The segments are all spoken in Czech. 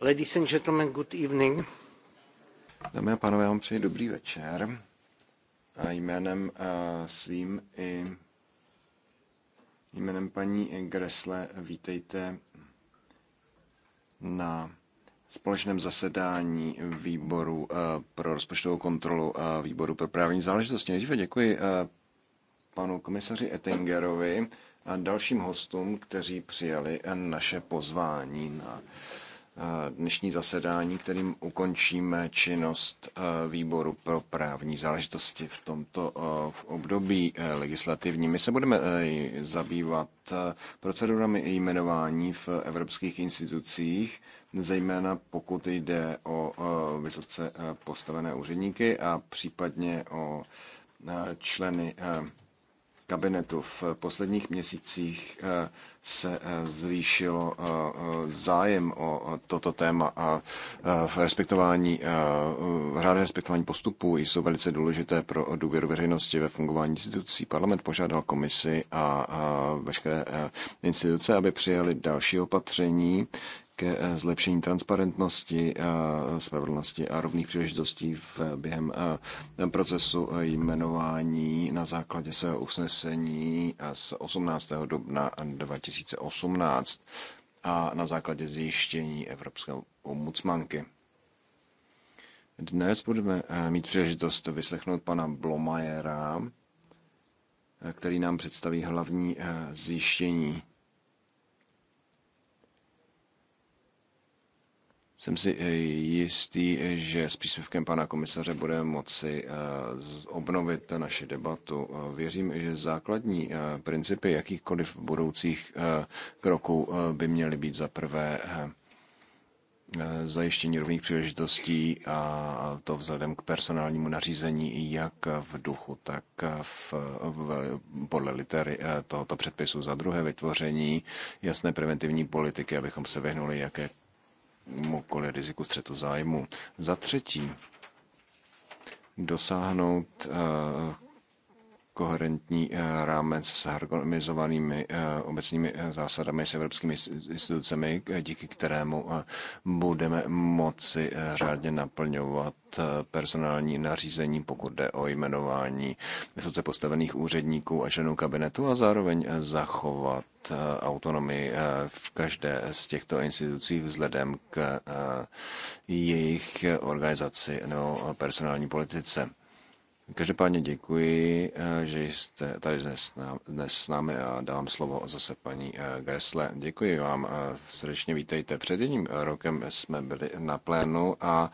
Ladies and gentlemen, good evening. Dámy a pánové, já vám přeji dobrý večer. A jménem a svým i jménem paní Gresle vítejte na společném zasedání výboru pro rozpočtovou kontrolu a výboru pro právní záležitosti. Nejdříve děkuji panu komisaři Ettingerovi a dalším hostům, kteří přijali naše pozvání na Eh, dnešní zasedání, kterým ukončíme činnost eh, výboru pro právní záležitosti v tomto eh, v období legislativní. My se budeme zabývat procedurami jmenování v evropských institucích, zejména pokud jde o vysoce postavené úředníky a případně o členy kabinetu. V posledních měsících eh, se eh, zvýšil eh, zájem o toto téma a v respektování, v řádné respektování postupů jsou velice důležité pro důvěru veřejnosti ve fungování institucí. Parlament požádal komisi a veškeré instituce, aby přijali další opatření, ke eh, zlepšení transparentnosti, eh, spravedlnosti a rovných příležitostí v, eh, během procesu jmenování na základě svého usnesení z 18. dubna 2018 a na základě zjištění Evropské ombudsmanky. Dnes budeme mít příležitost vyslechnout pana Blomajera, který nám představí hlavní zjištění Jsem si eh, jistý, eh, že s příspěvkem pana komisaře budeme moci eh, obnovit naši debatu. Věřím, že základní principy jakýchkoliv budoucích kroků by měly být za prvé zajištění rovných příležitostí a to vzhledem k personálnímu nařízení jak v duchu, tak v, v, podle litery tohoto předpisu. Za druhé vytvoření jasné preventivní politiky, abychom se vyhnuli jaké jakémukoli riziku střetu zájmu. Za třetí, dosáhnout eh, koherentní eh, rámec s harmonizovanými eh, obecnými eh, zásadami s evropskými institucemi, díky kterému budeme moci řádně naplňovat personální nařízení, pokud jde o jmenování vysoce postavených úředníků a členů kabinetu a zároveň zachovat autonomii v každé z těchto institucí vzhledem k jejich organizaci nebo personální politice. Každopádně děkuji, eh, že jste tady dnes, s námi a dávám slovo zase paní eh, Gresle. Děkuji vám, eh, srdečně vítejte. Před jedním rokem jsme byli na plénu a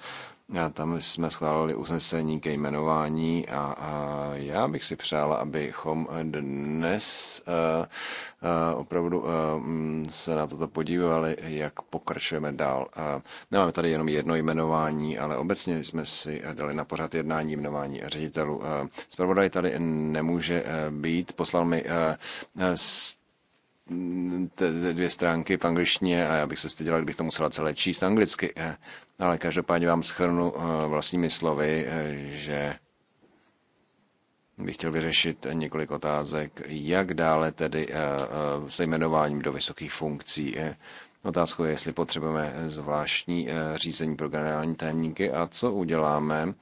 a tam jsme schválili usnesení ke jmenování a, a já bych si přála, abychom dnes a, eh, a, eh, opravdu a, eh, mm, se na toto podívali, jak pokračujeme dál. A nemáme tady jenom jedno jmenování, ale obecně jsme si dali na pořád jednání jmenování ředitelů. Zpravodaj tady nemůže být, poslal mi s dvě stránky v angličtině a já bych se styděl, kdybych to musela celé číst anglicky. Eh. Ale každopádně vám schrnu eh, vlastními slovy, eh, že bych chtěl vyřešit několik otázek, jak dále tedy se jmenováním do vysokých funkcí. Otázkou je, jestli potřebujeme zvláštní řízení pro generální tajemníky a co uděláme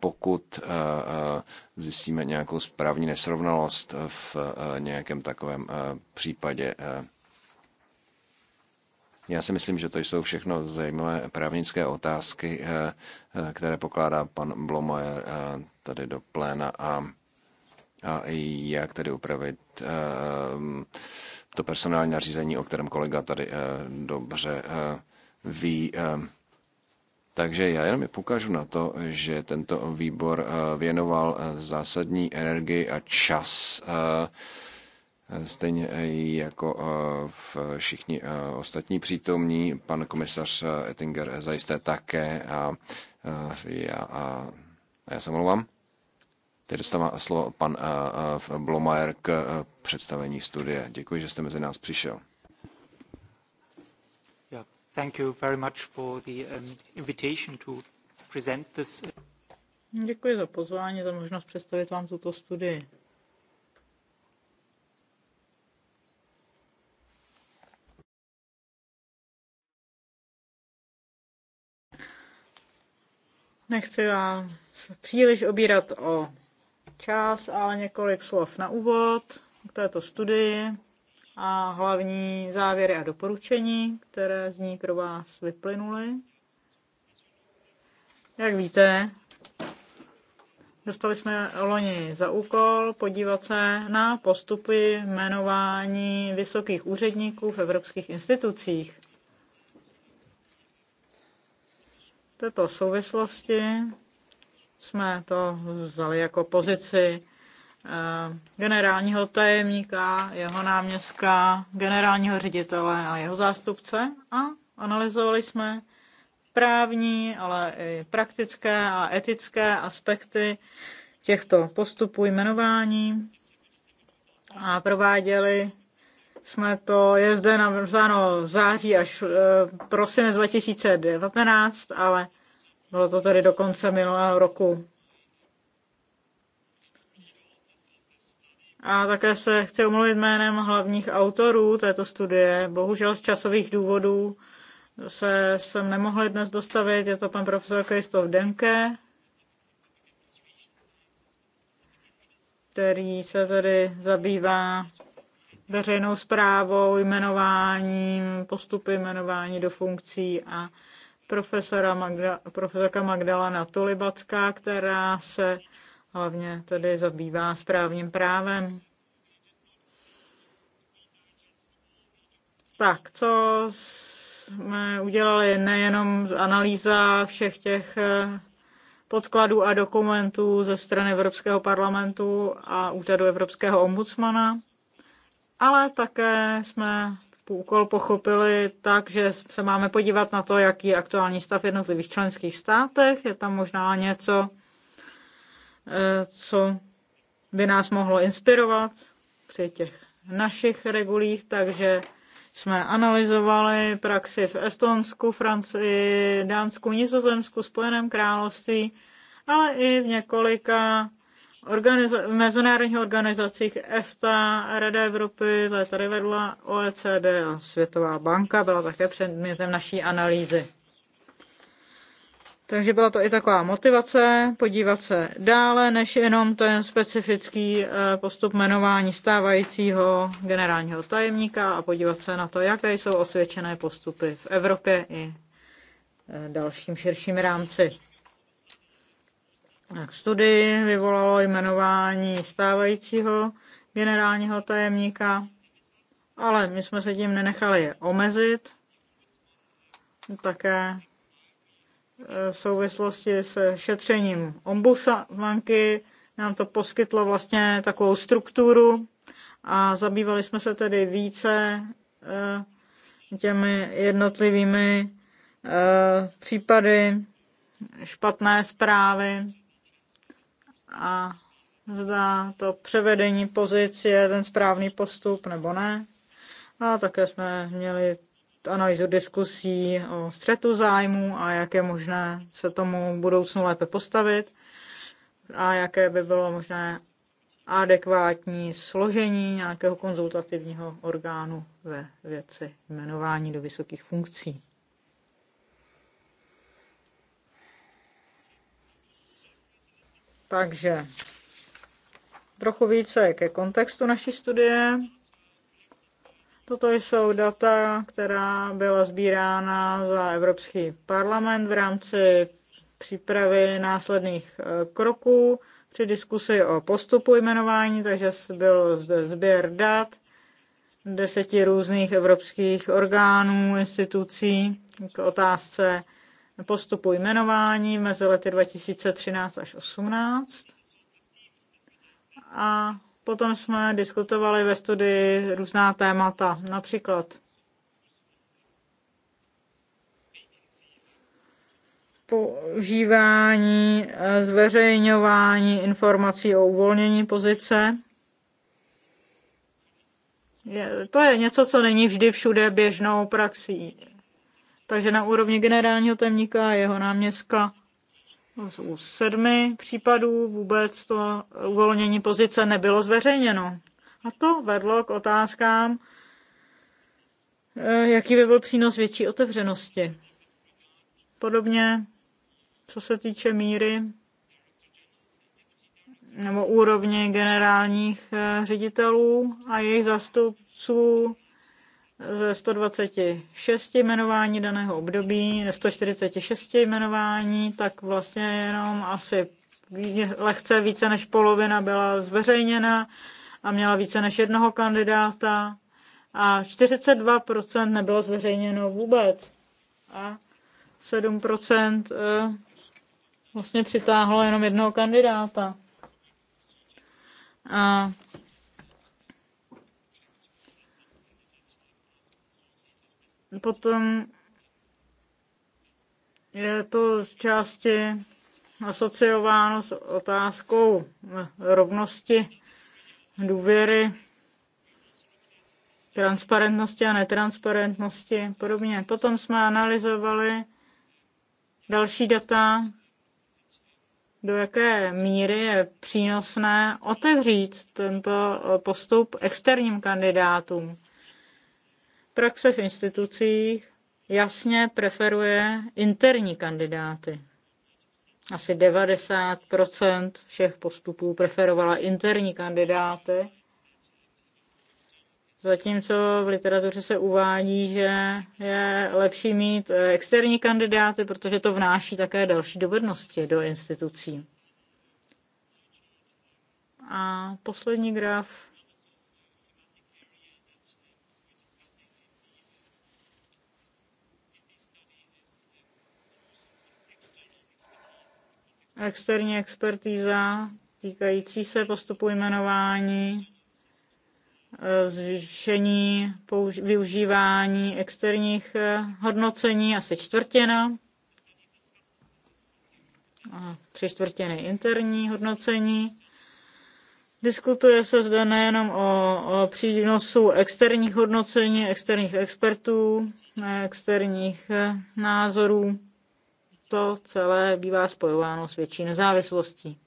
pokud eh, eh, zjistíme nějakou správní nesrovnalost v eh, nějakém takovém případě. Já si myslím, že to jsou všechno zajímavé právnické otázky, které pokládá pan Blomajer tady do pléna a, a jak tedy upravit to personální nařízení, o kterém kolega tady dobře ví. Takže já jenom pokažu na to, že tento výbor eh, věnoval eh, zásadní energii a čas eh, stejně jako v všichni ostatní přítomní. Pan komisař Ettinger zajisté také a já, a já se mluvám. Teď dostává slovo pan Blomajer k představení studie. Děkuji, že jste mezi nás přišel. Thank you very much for the um, invitation to present this. Uh, Děkuji za pozvání, za možnost představit vám tuto studii. Nechci vám příliš obírat o čas, ale několik slov na úvod k této studii a hlavní závěry a doporučení, které z ní pro vás vyplynuly. Jak víte, dostali jsme loni za úkol podívat se na postupy jmenování vysokých úředníků v evropských institucích. V této souvislosti jsme to vzali jako pozici Eh, generálního tajemníka, jeho náměstka, generálního ředitele a jeho zástupce a analyzovali jsme právní, ale i praktické a etické aspekty těchto postupů jmenování a prováděli jsme to, je zde v září až e, prosinec 2019, ale bylo to tady do konce minulého roku. A také se chci omluvit jménem hlavních autorů této studie. Bohužel z časových důvodů se sem nemohli dnes dostavit. Je to pan profesor Kristof Denke, který se tedy zabývá veřejnou zprávou, jmenováním, postupy jmenování do funkcí a profesora Magda, profesorka Magdalena Tulibacká, která se hlavně tedy zabývá správním právem. Tak, co jsme udělali nejenom analýza všech těch eh, podkladů a dokumentů ze strany Evropského parlamentu a úřadu Evropského ombudsmana, ale také jsme úkol pochopili tak, že se máme podívat na to, jaký je aktuální stav v jednotlivých členských státech. Je tam možná něco, co by nás mohlo inspirovat při těch našich regulích, takže jsme analyzovali praxi v Estonsku, Francii, Dánsku, Nizozemsku, Spojeném království, ale i v několika organiza- mezinárodních organizacích EFTA, Rada Evropy, tady vedla OECD a Světová banka byla také předmětem naší analýzy. Takže byla to i taková motivace podívat se dále, než jenom ten specifický eh, postup jmenování stávajícího generálního tajemníka a podívat se na to, jaké jsou osvědčené postupy v Evropě i eh, dalším širším rámci. Tak studii vyvolalo jmenování stávajícího generálního tajemníka, ale my jsme se tím nenechali omezit. Také v souvislosti s šetřením ombudsmanky. Nám to poskytlo vlastně takovou strukturu a zabývali jsme se tedy více eh, těmi jednotlivými eh, případy špatné zprávy a zda to převedení pozic je ten správný postup nebo ne. A také jsme měli analýzu diskusí o střetu zájmu a jak je možné se tomu v budoucnu lépe postavit a jaké by bylo možné adekvátní složení nějakého konzultativního orgánu ve věci jmenování do vysokých funkcí. Takže trochu více ke kontextu naší studie. Toto jsou data, která byla sbírána za Evropský parlament v rámci přípravy následných e, kroků při diskusi o postupu jmenování, takže byl zde sběr dat deseti různých evropských orgánů, institucí k otázce postupu jmenování mezi lety 2013 až 2018. a Potom jsme diskutovali ve studii různá témata, například používání, eh, zveřejňování informací o uvolnění pozice. Je, to je něco, co není vždy všude běžnou praxí. Takže na úrovni generálního temníka a jeho náměstka No, u sedmi případů vůbec to uvolnění pozice nebylo zveřejněno. A to vedlo k otázkám, eh, jaký by byl přínos větší otevřenosti. Podobně, co se týče míry nebo úrovně generálních eh, ředitelů a jejich zastupců ze 126 jmenování daného období, 146 jmenování, tak vlastně jenom asi lehce více než polovina byla zveřejněna a měla více než jednoho kandidáta a 42% nebylo zveřejněno vůbec a 7% eh, vlastně přitáhlo jenom jednoho kandidáta. A Potom je to z části asociováno s otázkou rovnosti důvěry, transparentnosti a netransparentnosti a podobně. Potom jsme analyzovali další data, do jaké míry je přínosné otevřít tento postup externím kandidátům. Praxe v institucích jasně preferuje interní kandidáty. Asi 90 všech postupů preferovala interní kandidáty, zatímco v literatuře se uvádí, že je lepší mít eh, externí kandidáty, protože to vnáší také další dovednosti do institucí. A poslední graf externí expertíza týkající se postupu jmenování, e, zvýšení využívání externích e, hodnocení asi čtvrtina, a tři čtvrtiny interní hodnocení. Diskutuje se zde nejenom o, o přínosu externích hodnocení, externích expertů, e, externích názorů, to celé bývá spojováno s větší nezávislostí.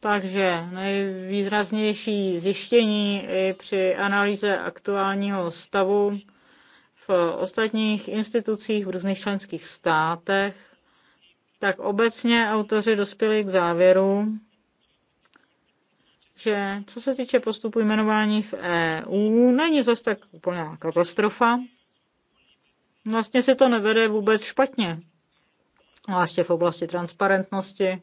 Takže nejvýraznější zjištění i při analýze aktuálního stavu v ostatních institucích v různých členských státech, tak obecně autoři dospěli k závěru, že co se týče postupu jmenování v EU, není zas tak úplná katastrofa, Vlastně se to nevede vůbec špatně, Vlastně v oblasti transparentnosti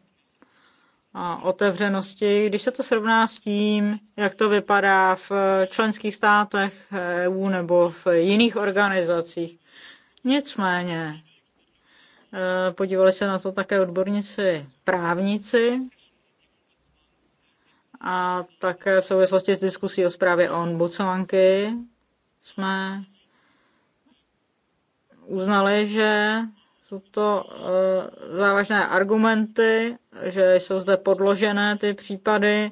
a otevřenosti. Když se to srovná s tím, jak to vypadá v členských státech EU nebo v jiných organizacích. Nicméně, eh, podívali se na to také odborníci právníci a také v souvislosti s diskusí o zprávě ombudsmanky jsme uznali, že jsou to eh, závažné argumenty, že jsou zde podložené ty případy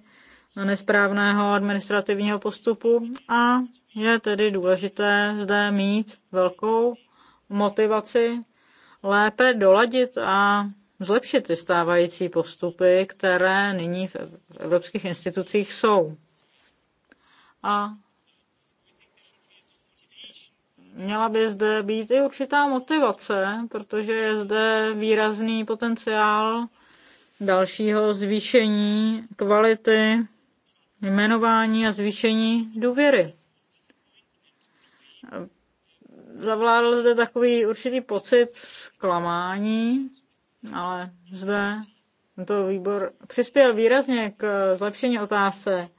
nesprávného administrativního postupu a je tedy důležité zde mít velkou motivaci lépe doladit a zlepšit ty stávající postupy, které nyní v evropských institucích jsou. A Měla by zde být i určitá motivace, protože je zde výrazný potenciál dalšího zvýšení kvality jmenování a zvýšení důvěry. Zavládl zde takový určitý pocit zklamání, ale zde tento výbor přispěl výrazně k zlepšení otázce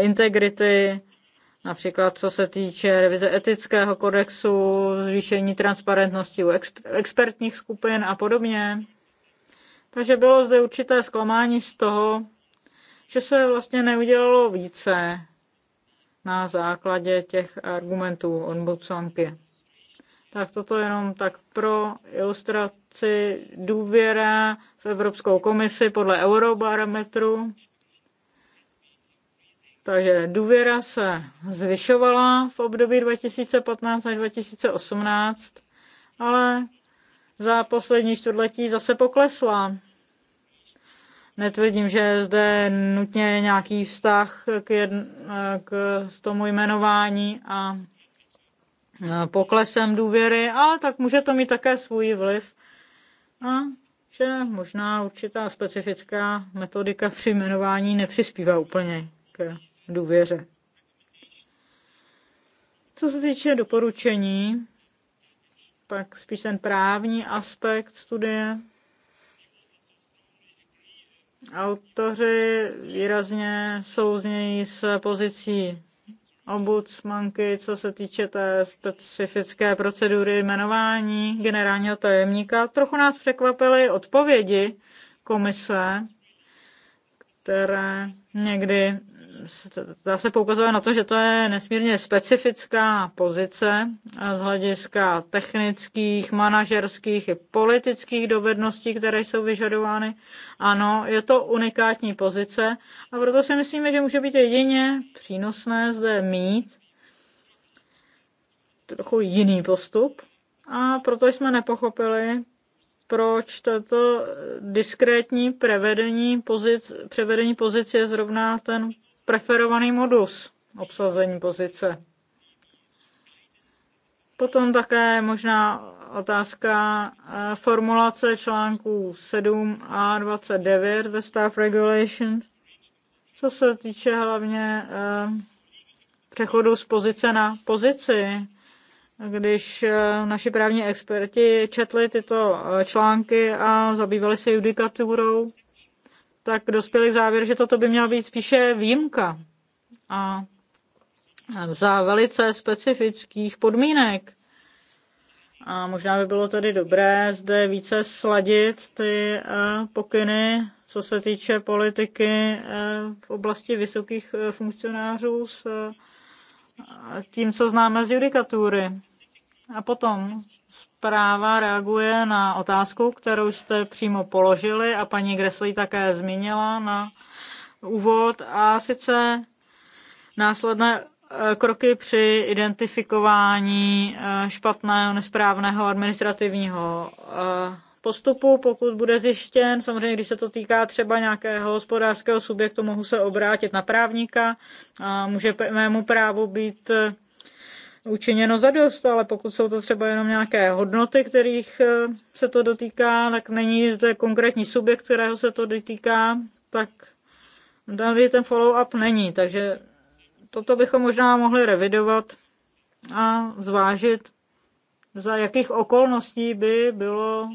integrity Například co se týče revize etického kodexu, zvýšení transparentnosti u expertních skupin a podobně. Takže bylo zde určité zklamání z toho, že se vlastně neudělalo více na základě těch argumentů ombudsmanky. Tak toto jenom tak pro ilustraci důvěra v Evropskou komisi podle Eurobarometru. Takže důvěra se zvyšovala v období 2015 až 2018, ale za poslední čtvrtletí zase poklesla. Netvrdím, že je zde nutně nějaký vztah k, jedn, k tomu jmenování a poklesem důvěry, ale tak může to mít také svůj vliv. A že možná určitá specifická metodika při jmenování nepřispívá úplně k důvěře. Co se týče doporučení, tak spíš ten právní aspekt studie. Autoři výrazně souznějí s pozicí ombudsmanky, co se týče té specifické procedury jmenování generálního tajemníka. Trochu nás překvapily odpovědi komise, které někdy zase poukazuje na to, že to je nesmírně specifická pozice z hlediska technických, manažerských i politických dovedností, které jsou vyžadovány. Ano, je to unikátní pozice a proto si myslíme, že může být jedině přínosné zde mít trochu jiný postup a proto jsme nepochopili, proč toto diskrétní prevedení pozic, převedení pozic je zrovna ten preferovaný modus obsazení pozice. Potom také možná otázka eh, formulace článků 7 a 29 ve Staff regulation, co se týče hlavně eh, přechodu z pozice na pozici. Když eh, naši právní experti četli tyto články a zabývali se judikaturou, tak dospěli k závěru, že toto by měla být spíše výjimka. A za velice specifických podmínek. A možná by bylo tedy dobré zde více sladit ty eh, pokyny, co se týče politiky eh, v oblasti vysokých eh, funkcionářů s tím, co známe z judikatury. A potom zpráva reaguje na otázku, kterou jste přímo položili a paní Gresley také zmínila na úvod a sice následné eh, kroky při identifikování eh, špatného, nesprávného administrativního eh, postupu, pokud bude zjištěn. Samozřejmě, když se to týká třeba nějakého hospodářského subjektu, mohu se obrátit na právníka a může mému právu být učiněno zadost, ale pokud jsou to třeba jenom nějaké hodnoty, kterých eh, se to dotýká, tak není to konkrétní subjekt, kterého se to dotýká, tak tady ten follow-up není. Takže toto bychom možná mohli revidovat a zvážit, za jakých okolností by bylo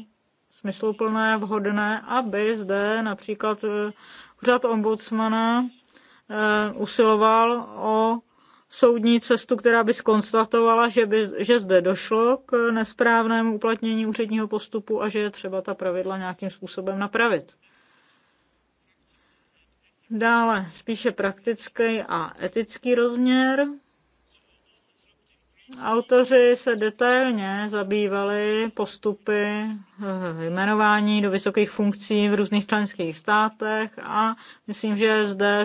smysluplné, vhodné, aby zde například eh, úřad ombudsmana eh, usiloval o soudní cestu, která by skonstatovala, že, by, že zde došlo k nesprávnému uplatnění úředního postupu a že je třeba ta pravidla nějakým způsobem napravit. Dále spíše praktický a etický rozměr. Autoři se detailně zabývali postupy eh, jmenování do vysokých funkcí v různých členských státech a myslím, že zde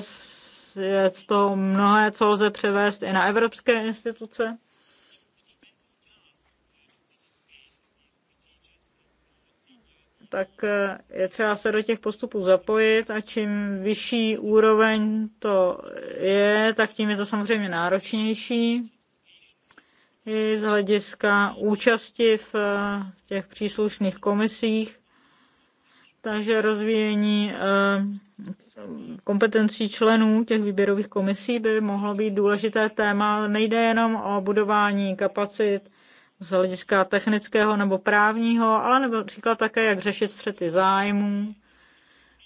je to mnohé, co lze převést i na evropské instituce. tak eh, je třeba se do těch postupů zapojit a čím vyšší úroveň to je, tak tím je to samozřejmě náročnější i z hlediska účasti v eh, těch příslušných komisích. Takže rozvíjení eh, kompetencí členů těch výběrových komisí by mohlo být důležité téma. Nejde jenom o budování kapacit z hlediska technického nebo právního, ale nebo například také, jak řešit střety zájmů,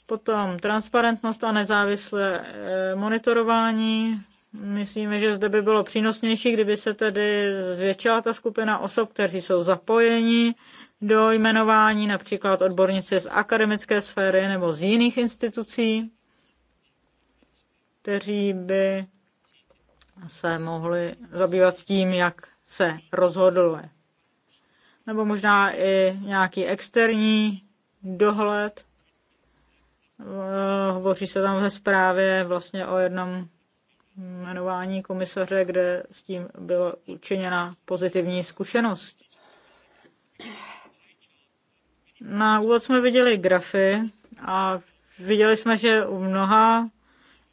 potom transparentnost a nezávislé eh, monitorování. Myslíme, že zde by bylo přínosnější, kdyby se tedy zvětšila ta skupina osob, kteří jsou zapojeni do jmenování, například odbornice z akademické sféry nebo z jiných institucí kteří by se mohli zabývat s tím, jak se rozhoduje. Nebo možná i nějaký externí dohled. Eh, hovoří se tam ve zprávě vlastně o jednom jmenování komisaře, kde s tím byla učiněna pozitivní zkušenost. Na úvod jsme viděli grafy a viděli jsme, že u mnoha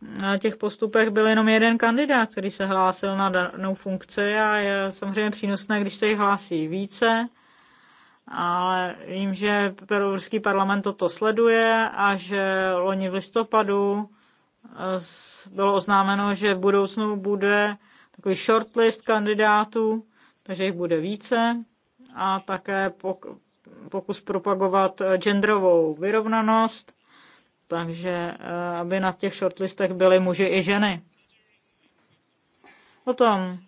na těch postupech byl jenom jeden kandidát, který se hlásil na danou funkci a je samozřejmě přínosné, když se jich hlásí více, ale vím, že Peruský parlament toto sleduje a že loni v listopadu eh, bylo oznámeno, že v budoucnu bude takový shortlist kandidátů, takže jich bude více a také pokus propagovat genderovou vyrovnanost takže eh, aby na těch shortlistech byli muži i ženy. Potom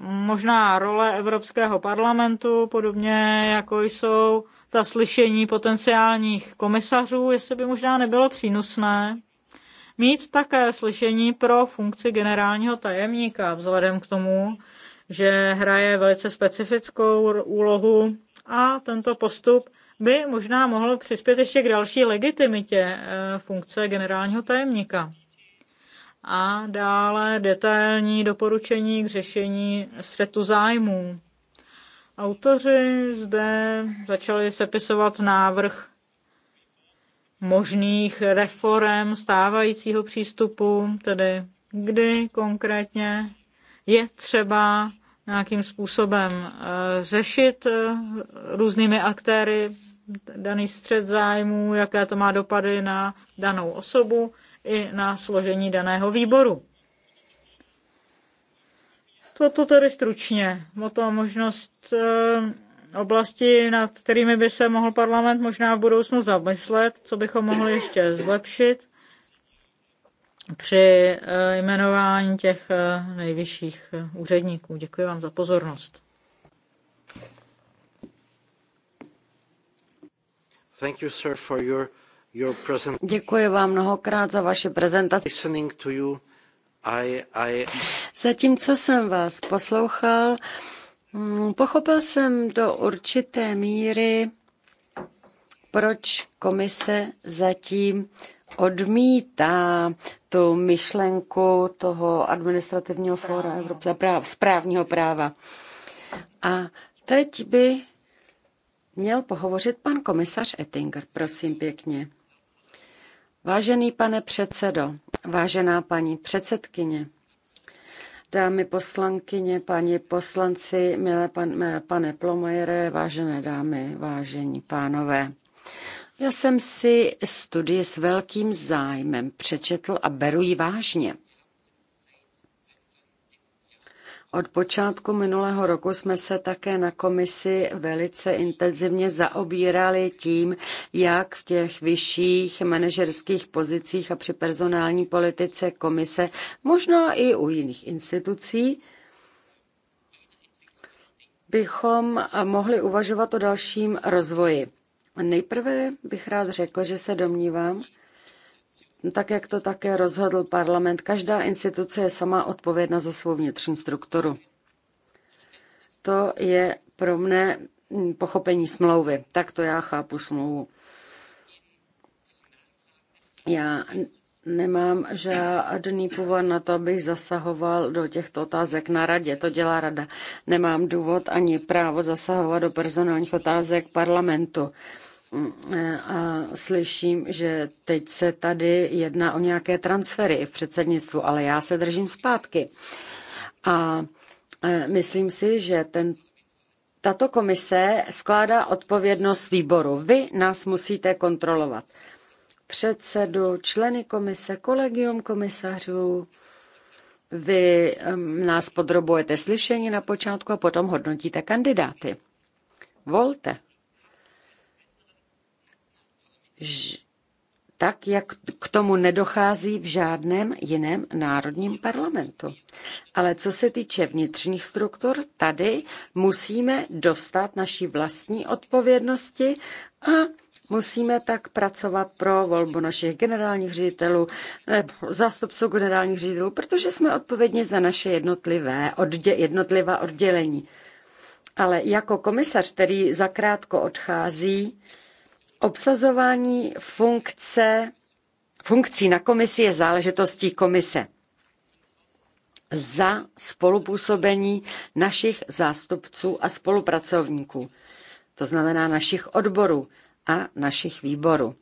možná role Evropského parlamentu, podobně jako jsou ta slyšení potenciálních komisařů, jestli by možná nebylo přínosné mít také slyšení pro funkci generálního tajemníka, vzhledem k tomu, že hraje velice specifickou úlohu a tento postup by možná mohlo přispět ještě k další legitimitě eh, funkce generálního tajemníka. A dále detailní doporučení k řešení střetu zájmů. Autoři zde začali sepisovat návrh možných reform stávajícího přístupu, tedy kdy konkrétně je třeba nějakým způsobem eh, řešit eh, různými aktéry daný střed zájmů, jaké to má dopady na danou osobu i na složení daného výboru. Toto tedy stručně. O to možnost eh, oblasti, nad kterými by se mohl parlament možná v budoucnu zamyslet, co bychom mohli ještě zlepšit při eh, jmenování těch eh, nejvyšších eh, úředníků. Děkuji vám za pozornost. Thank you, sir, for your, your present... Děkuji vám mnohokrát za vaše prezentaci. Listening to you, I, I... Zatímco jsem vás poslouchal, mm, pochopil jsem do určité míry, proč komise zatím odmítá tu myšlenku toho administrativního fóra Evropské práv, správního práva. A teď by měl pohovořit pan komisař Ettinger, prosím pěkně. Vážený pane předsedo, vážená paní předsedkyně, dámy poslankyně, paní poslanci, milé pan, pane Plomajere, vážené dámy, vážení pánové. Já jsem si studii s velkým zájmem přečetl a beru ji vážně. Od počátku minulého roku jsme se také na komisi velice intenzivně zaobírali tím, jak v těch vyšších manažerských pozicích a při personální politice komise, možná i u jiných institucí, bychom mohli uvažovat o dalším rozvoji. Nejprve bych rád řekl, že se domnívám, tak jak to také rozhodl parlament, každá instituce je sama odpovědna za svou vnitřní strukturu. To je pro mne hm, pochopení smlouvy. Tak to já chápu smlouvu. Já nemám žádný původ na to, abych zasahoval do těchto otázek na radě. To dělá rada. Nemám důvod ani právo zasahovat do personálních otázek parlamentu. Mm, eh, a slyším, že teď se tady jedná o nějaké transfery i v předsednictvu, ale já se držím zpátky. A eh, myslím si, že ten, tato komise skládá odpovědnost výboru. Vy nás musíte kontrolovat. Předsedu, členy komise, kolegium komisařů, vy nás podrobujete slyšení na počátku a potom hodnotíte kandidáty. Volte tak, jak k tomu nedochází v žádném jiném národním parlamentu. Ale co se týče vnitřních struktur, tady musíme dostat naší vlastní odpovědnosti a musíme tak pracovat pro volbu našich generálních ředitelů nebo eh, zástupců generálních ředitelů, protože jsme odpovědní za naše jednotlivé oddě, jednotlivá oddělení. Ale jako komisař, který zakrátko odchází, Obsazování funkce, funkcí na komisi je záležitostí komise za spolupůsobení našich zástupců a spolupracovníků, to znamená našich odborů a našich výborů,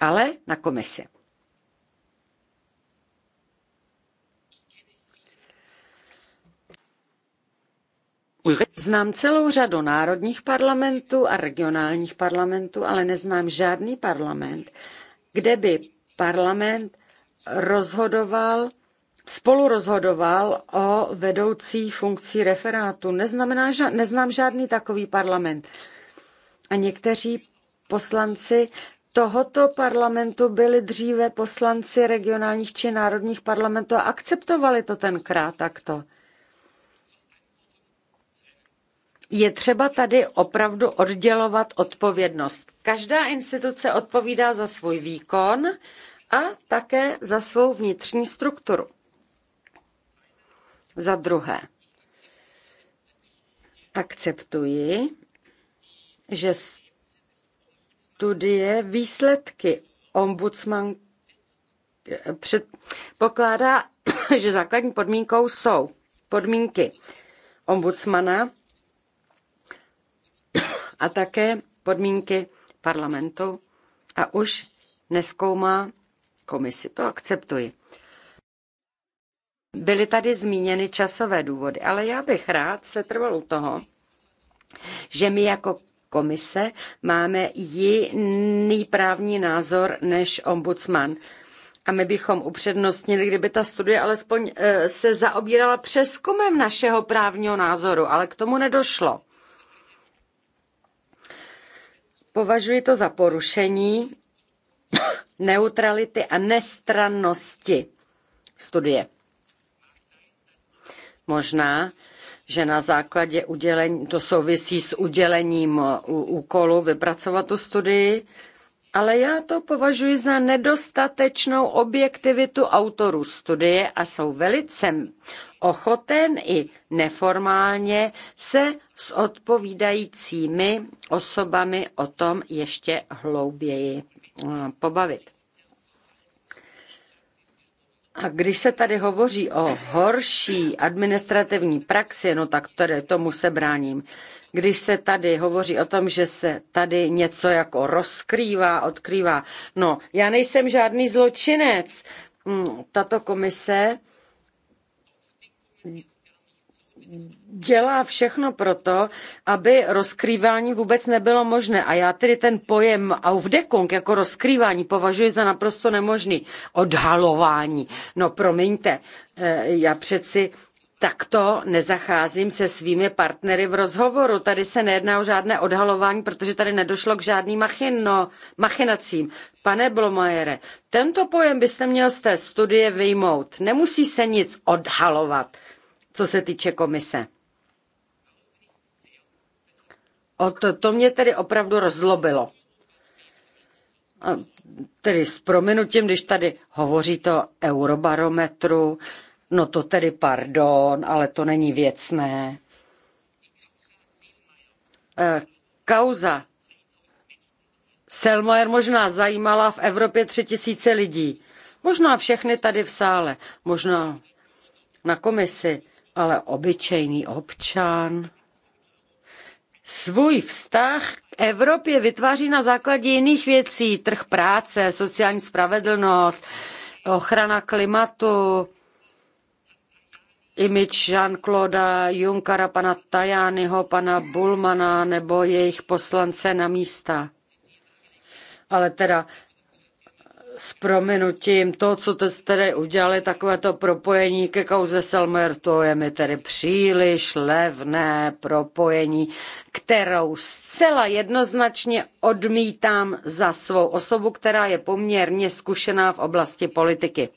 ale na komisi. Znám celou řadu národních parlamentů a regionálních parlamentů, ale neznám žádný parlament, kde by parlament rozhodoval, spolu rozhodoval o vedoucí funkcí referátu. Neznamená, neznám žádný takový parlament. A někteří poslanci tohoto parlamentu byli dříve poslanci regionálních či národních parlamentů a akceptovali to tenkrát takto. je třeba tady opravdu oddělovat odpovědnost. Každá instituce odpovídá za svůj výkon a také za svou vnitřní strukturu. Za druhé, akceptuji, že studie výsledky ombudsman předpokládá, že základní podmínkou jsou podmínky ombudsmana a také podmínky parlamentu a už neskoumá komisi. To akceptuji. Byly tady zmíněny časové důvody, ale já bych rád se trval u toho, že my jako komise máme jiný právní názor než ombudsman. A my bychom upřednostnili, kdyby ta studie alespoň eh, se zaobírala přeskumem našeho právního názoru, ale k tomu nedošlo. Považuji to za porušení neutrality a nestrannosti studie. Možná, že na základě udělení, to souvisí s udělením úkolu vypracovat tu studii, ale já to považuji za nedostatečnou objektivitu autorů studie a jsou velice ochoten i neformálně se s odpovídajícími osobami o tom ještě hlouběji eh, pobavit. A když se tady hovoří o horší administrativní praxi, no tak tady tomu se bráním. Když se tady hovoří o tom, že se tady něco jako rozkrývá, odkrývá, no já nejsem žádný zločinec. Hm, tato komise dělá všechno proto, aby rozkrývání vůbec nebylo možné. A já tedy ten pojem Aufdeckung jako rozkrývání považuji za naprosto nemožný. Odhalování. No promiňte, eh, já přeci takto nezacházím se svými partnery v rozhovoru. Tady se nejedná o žádné odhalování, protože tady nedošlo k žádným machino, machinacím. Pane Blomajere, tento pojem byste měl z té studie vyjmout. Nemusí se nic odhalovat co se týče komise. O to, to mě tedy opravdu rozlobilo. A tedy s prominutím, když tady hovoří to eurobarometru, no to tedy pardon, ale to není věcné. E, kauza Selmayr možná zajímala v Evropě tři tisíce lidí. Možná všechny tady v sále, možná na komisi ale obyčejný občan svůj vztah k Evropě vytváří na základě jiných věcí. Trh práce, sociální spravedlnost, ochrana klimatu, imič Jean-Claude Junckera, pana Tajányho, pana Bulmana nebo jejich poslance na místa. Ale teda s prominutím to, co jste tedy udělali, takové to propojení ke kauze Selmer, to je mi tedy příliš levné propojení, kterou zcela jednoznačně odmítám za svou osobu, která je poměrně zkušená v oblasti politiky.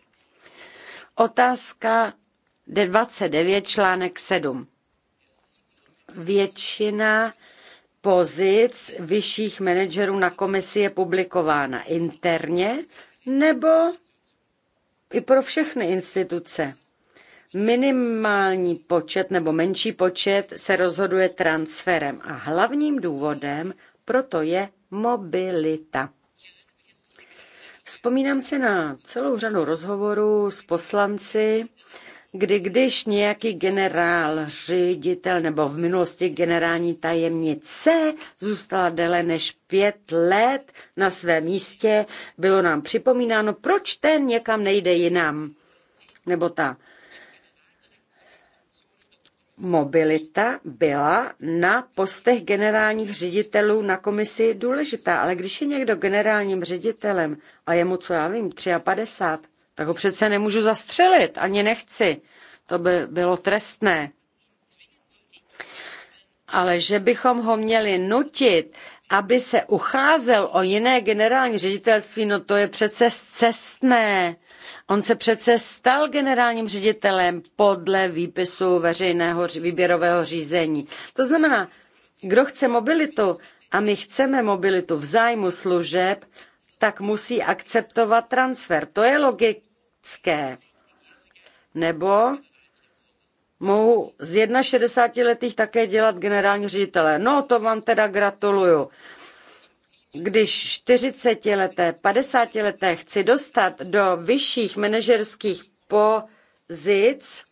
Otázka 29 článek 7. Většina pozic vyšších manažerů na komisi je publikována interně nebo i pro všechny instituce. Minimální počet nebo menší počet se rozhoduje transferem a hlavním důvodem proto je mobilita. Vzpomínám si na celou řadu rozhovorů s poslanci, kdy když nějaký generál, ředitel nebo v minulosti generální tajemnice zůstala déle než pět let na svém místě, bylo nám připomínáno, proč ten někam nejde jinam. Nebo ta mobilita byla na postech generálních ředitelů na komisi důležitá, ale když je někdo generálním ředitelem a je mu, co já vím, 53, tak ho přece nemůžu zastřelit, ani nechci. To by bylo trestné. Ale že bychom ho měli nutit, aby se ucházel o jiné generální ředitelství, no to je přece cestné. On se přece stal generálním ředitelem podle výpisu veřejného výběrového řízení. To znamená, kdo chce mobilitu a my chceme mobilitu v zájmu služeb, tak musí akceptovat transfer. To je logika symptomatické. Nebo mohu z 61 letých také dělat generální ředitele. No, to vám teda gratuluju. Když 40-leté, 50-leté chci dostat do vyšších manažerských pozic,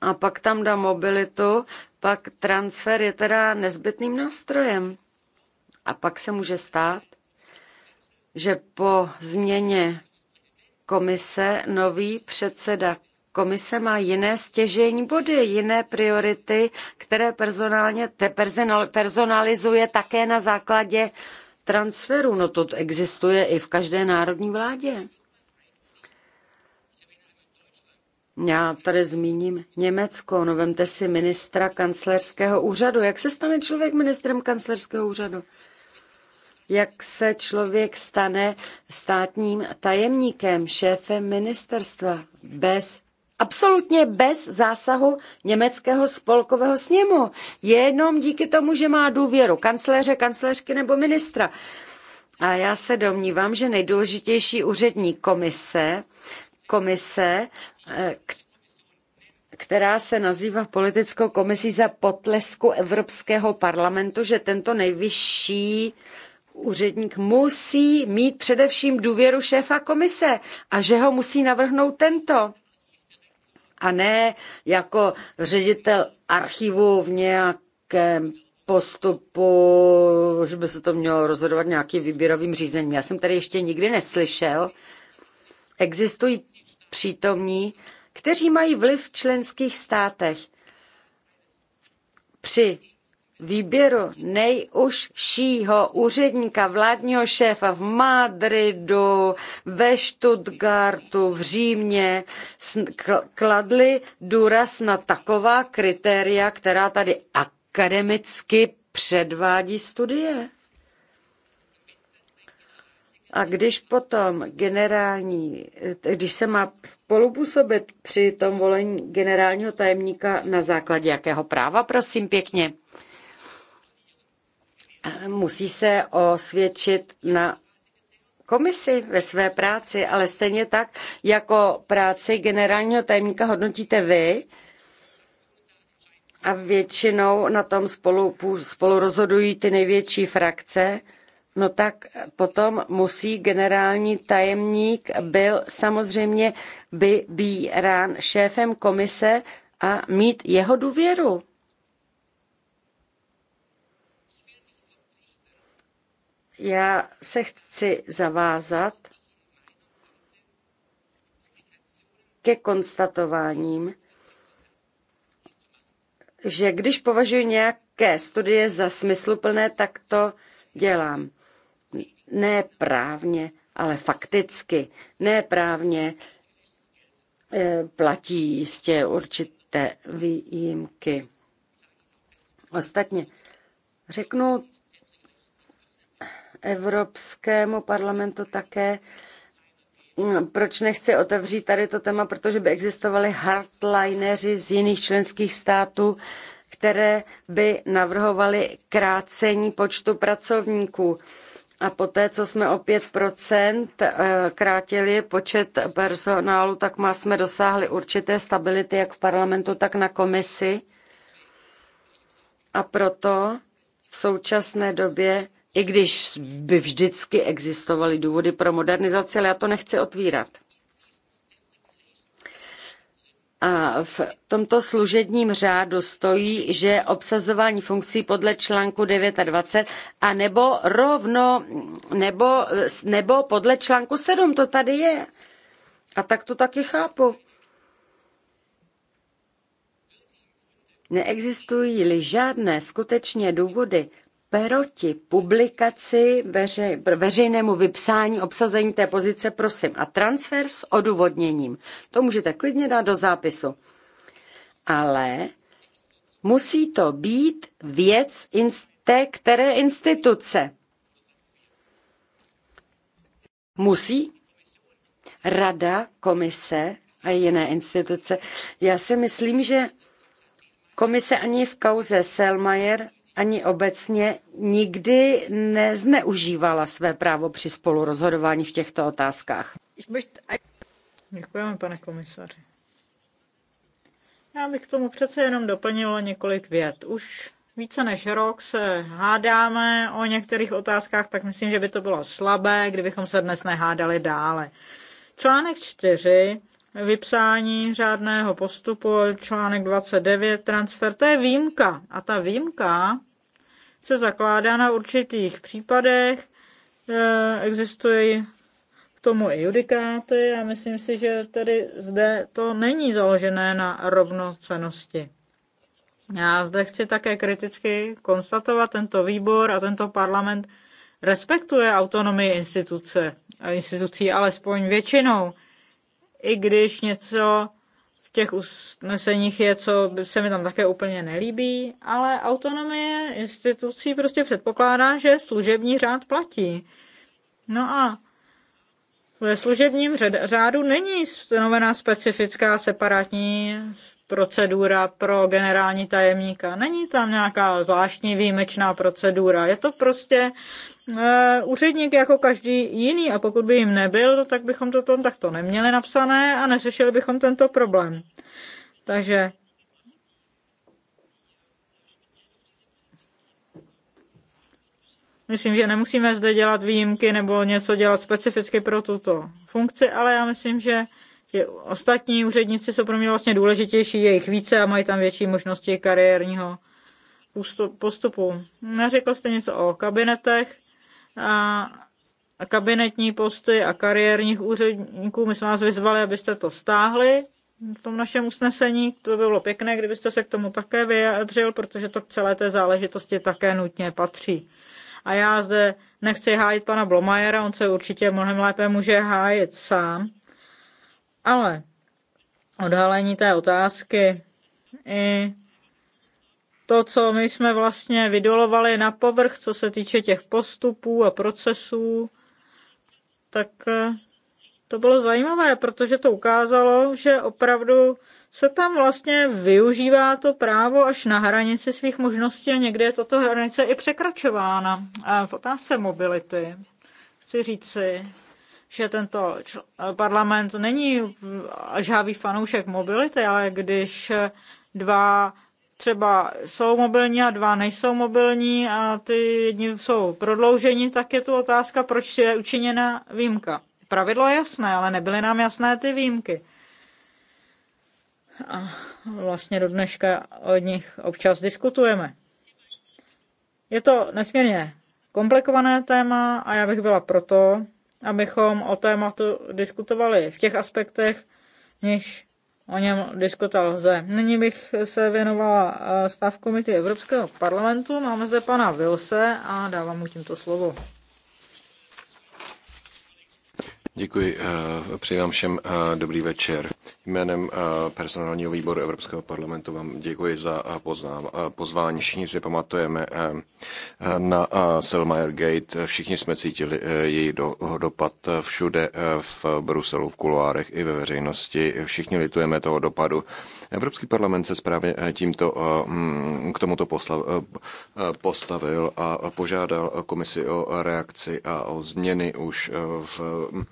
a pak tam dá mobilitu, pak transfer je teda nezbytným nástrojem. A pak se může stát, že po změně komise nový předseda komise má jiné stěžejní body, jiné priority, které personálně, te personal, personalizuje také na základě transferu. No to existuje i v každé národní vládě. Já tady zmíním Německo. No vemte si ministra kanclerského úřadu. Jak se stane člověk ministrem kanclerského úřadu? jak se člověk stane státním tajemníkem, šéfem ministerstva bez absolutně bez zásahu německého spolkového sněmu. Jenom díky tomu, že má důvěru kancléře, kancléřky nebo ministra. A já se domnívám, že nejdůležitější úřední komise, komise, eh, která se nazývá politickou komisí za potlesku Evropského parlamentu, že tento nejvyšší úředník musí mít především důvěru šéfa komise a že ho musí navrhnout tento. A ne jako ředitel archivu v nějakém postupu, že by se to mělo rozhodovat nějakým výběrovým řízením. Já jsem tady ještě nikdy neslyšel. Existují přítomní, kteří mají vliv v členských státech. Při výběru nejužšího úředníka vládního šéfa v Madridu, ve Stuttgartu, v Římě kladli důraz na taková kritéria, která tady akademicky předvádí studie. A když potom generální, když se má spolupůsobit při tom volení generálního tajemníka na základě jakého práva, prosím pěkně? musí se osvědčit na komisi ve své práci, ale stejně tak jako práci generálního tajemníka hodnotíte vy a většinou na tom spolu, spolu rozhodují ty největší frakce, no tak potom musí generální tajemník byl samozřejmě by šéfem komise a mít jeho důvěru. Já se chci zavázat ke konstatováním, že když považuji nějaké studie za smysluplné, tak to dělám. Ne právně, ale fakticky. Ne právně eh, platí jistě určité výjimky. Ostatně řeknu Evropskému parlamentu také, proč nechci otevřít tady to téma, protože by existovali hardlineři z jiných členských států, které by navrhovali krácení počtu pracovníků. A poté, co jsme o 5% eh, krátili počet personálu, tak má jsme dosáhli určité stability jak v parlamentu, tak na komisi. A proto v současné době i když by vždycky existovaly důvody pro modernizaci, ale já to nechci otvírat. A v tomto služebním řádu stojí, že obsazování funkcí podle článku 29 a nebo rovno, nebo, nebo podle článku 7, to tady je. A tak to taky chápu. Neexistují-li žádné skutečně důvody proti publikaci veře, veřejnému vypsání obsazení té pozice, prosím. A transfer s odůvodněním. To můžete klidně dát do zápisu. Ale musí to být věc té které instituce. Musí rada, komise a jiné instituce. Já si myslím, že komise ani v kauze Selmayr ani obecně nikdy nezneužívala své právo při spolurozhodování v těchto otázkách. Děkujeme, pane komisaři. Já bych k tomu přece jenom doplnila několik vět. Už více než rok se hádáme o některých otázkách, tak myslím, že by to bylo slabé, kdybychom se dnes nehádali dále. Článek 4 vypsání řádného postupu, článek 29, transfer, to je výjimka. A ta výjimka se zakládá na určitých případech, eh, existují k tomu i judikáty a myslím si, že tedy zde to není založené na rovnocenosti. Já zde chci také kriticky konstatovat, tento výbor a tento parlament respektuje autonomii instituce, institucí alespoň většinou, i když něco těch usneseních je, co se mi tam také úplně nelíbí, ale autonomie institucí prostě předpokládá, že služební řád platí. No a ve služebním řádu není stanovená specifická separátní procedura pro generální tajemníka. Není tam nějaká zvláštní výjimečná procedura. Je to prostě Eh, úředník jako každý jiný a pokud by jim nebyl, tak bychom to tam takto neměli napsané a neřešili bychom tento problém. Takže Myslím, že nemusíme zde dělat výjimky nebo něco dělat specificky pro tuto funkci, ale já myslím, že ti ostatní úředníci jsou pro mě vlastně důležitější, je jich více a mají tam větší možnosti kariérního postupu. Neřekl jste něco o kabinetech a kabinetní posty a kariérních úředníků. My jsme vás vyzvali, abyste to stáhli v tom našem usnesení. To by bylo pěkné, kdybyste se k tomu také vyjadřil, protože to k celé té záležitosti také nutně patří. A já zde nechci hájit pana Blomajera, on se určitě mnohem lépe může hájit sám. Ale odhalení té otázky i to, co my jsme vlastně vydolovali na povrch, co se týče těch postupů a procesů, tak eh, to bylo zajímavé, protože to ukázalo, že opravdu se tam vlastně využívá to právo až na hranici svých možností a někde je tato hranice i překračována. A v otázce mobility chci říci, že tento parlament není žávý fanoušek mobility, ale když dva třeba jsou mobilní a dva nejsou mobilní a ty jedni jsou prodlouženi, tak je tu otázka, proč je učiněna výjimka. Pravidlo je jasné, ale nebyly nám jasné ty výjimky. A vlastně do dneška o nich občas diskutujeme. Je to nesmírně komplikované téma a já bych byla proto, abychom o tématu diskutovali v těch aspektech, než o něm diskuta lze. Nyní bych se věnovala eh, stav komity Evropského parlamentu. Máme zde pana Vilse a dávám mu tímto slovo. Děkuji, eh, přeji vám všem eh, dobrý večer. Jménem eh, personálního výboru Evropského parlamentu vám děkuji za eh, poznám, eh, pozvání. Všichni si pamatujeme na Selmayr Gate. Všichni jsme cítili její do, dopad všude v Bruselu, v kuloárech i ve veřejnosti. Všichni litujeme toho dopadu. Evropský parlament se správně tímto, hm, k tomuto poslav, postavil a požádal komisi o reakci a o změny už v hm,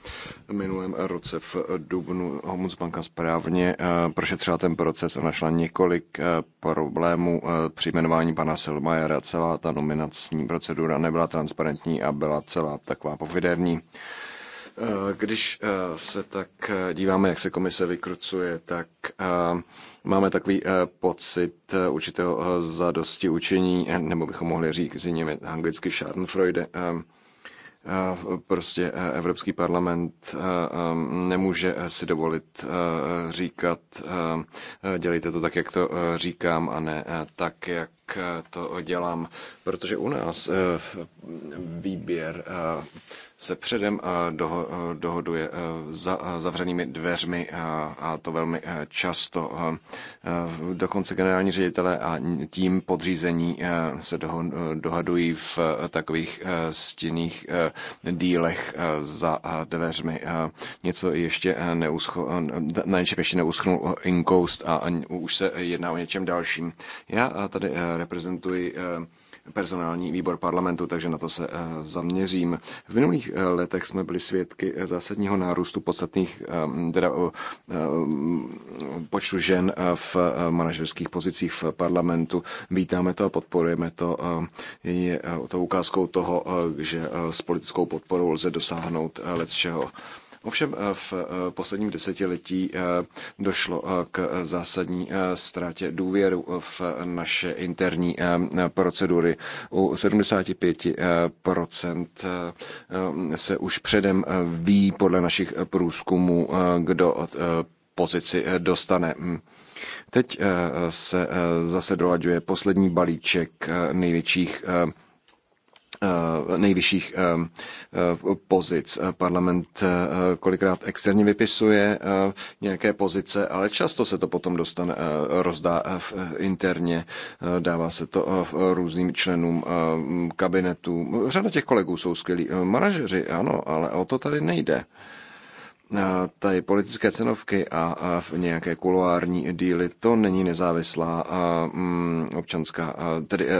minulém roce v Dubnu. Homuzbanka správně eh, prošetřila ten proces a našla několik eh, problémů eh, při jmenování pana Silmajera. Celá ta nominační procedura nebyla transparentní a byla celá taková pofiderní. Když se tak díváme, jak se komise vykrucuje, tak máme takový pocit určitého zadosti učení, nebo bychom mohli říct z anglicky Schadenfreude, Prostě e, Evropský parlament e, nemůže e, si dovolit říkat, dělejte to tak, jak to říkám, a ne tak, jak to dělám, protože u nás výběr se předem eh, eh, dohoduje eh, za zavřenými dveřmi a to velmi často. Dokonce generální ředitele a tím podřízení se dohadují v takových stinných dílech za dveřmi. Něco ještě neuscho, na něčem ještě neuschnul inkoust a už se jedná o něčem dalším. Já tady reprezentuji personální výbor parlamentu, takže na to se eh, zaměřím. V minulých eh, letech jsme byli svědky eh, zásadního nárůstu podstatných teda, počtu žen v manažerských pozicích v parlamentu. Vítáme to a podporujeme to. Je to ukázkou toho, že s politickou podporou lze dosáhnout let čeho. Ovšem eh, v eh, posledním desetiletí eh, došlo k zásadní ztrátě důvěru v naše interní procedury. U 75% se už předem ví podle našich průzkumů, kdo pozici dostane. Teď se zase dolaďuje poslední balíček největších Eh, nejvyšších eh, eh, pozic. Parlament kolikrát externě vypisuje nějaké pozice, ale často se to potom dostane, rozdá v interně, dává se to v různým členům kabinetu. Řada těch kolegů jsou skvělí manažeři, ano, ale o to tady nejde tady politické cenovky a, v nějaké kuloární díly, to není nezávislá mm, občanská, tedy e,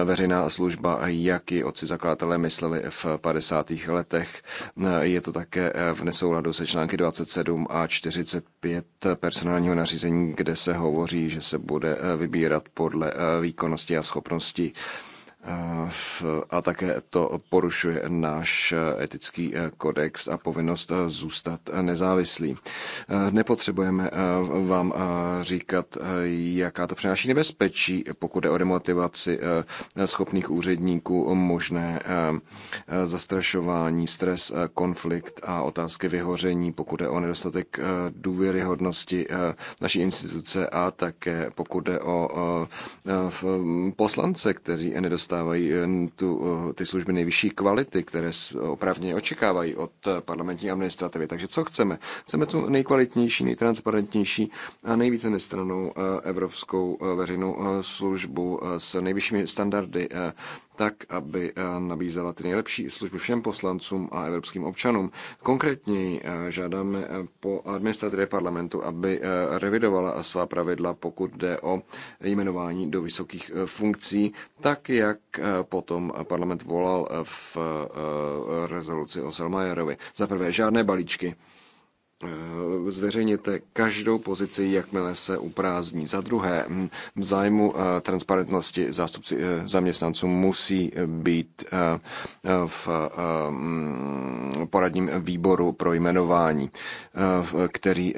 e, veřejná služba, jak ji otci zakladatelé mysleli v 50. letech. E, je to také v nesouladu se články 27 a 45 personálního nařízení, kde se hovoří, že se bude vybírat podle výkonnosti a schopnosti Eh, a také to porušuje náš eh, etický eh, kodex a povinnost zůstat nezávislý. Nepotřebujeme vám říkat, jaká to přináší nebezpečí, pokud je o demotivaci schopných úředníků, možné zastrašování, stres, konflikt a otázky vyhoření, pokud je o nedostatek důvěryhodnosti naší instituce a také pokud je o poslance, kteří nedostatek dostávají eh, tu, eh, ty služby nejvyšší kvality, které eh, opravně očekávají od parlamentní administrativy. Takže co chceme? Chceme tu nejkvalitnější, nejtransparentnější a nejvíce nestranou evropskou veřejnou službu s nejvyššími standardy tak, aby eh, nabízela ty nejlepší služby všem poslancům a evropským občanům. Konkrétně eh, žádáme eh, po administrativě parlamentu, aby revidovala svá pravidla, pokud jde o jmenování do vysokých funkcí, tak jak potom parlament volal v rezoluci o Selmajerovi. Za prvé, žádné balíčky Eh, zveřejněte každou pozici, jakmile se uprázdní. Za druhé, hm, v zájmu eh, transparentnosti zástupci eh, zaměstnanců musí být v hm, poradním výboru pro jmenování, který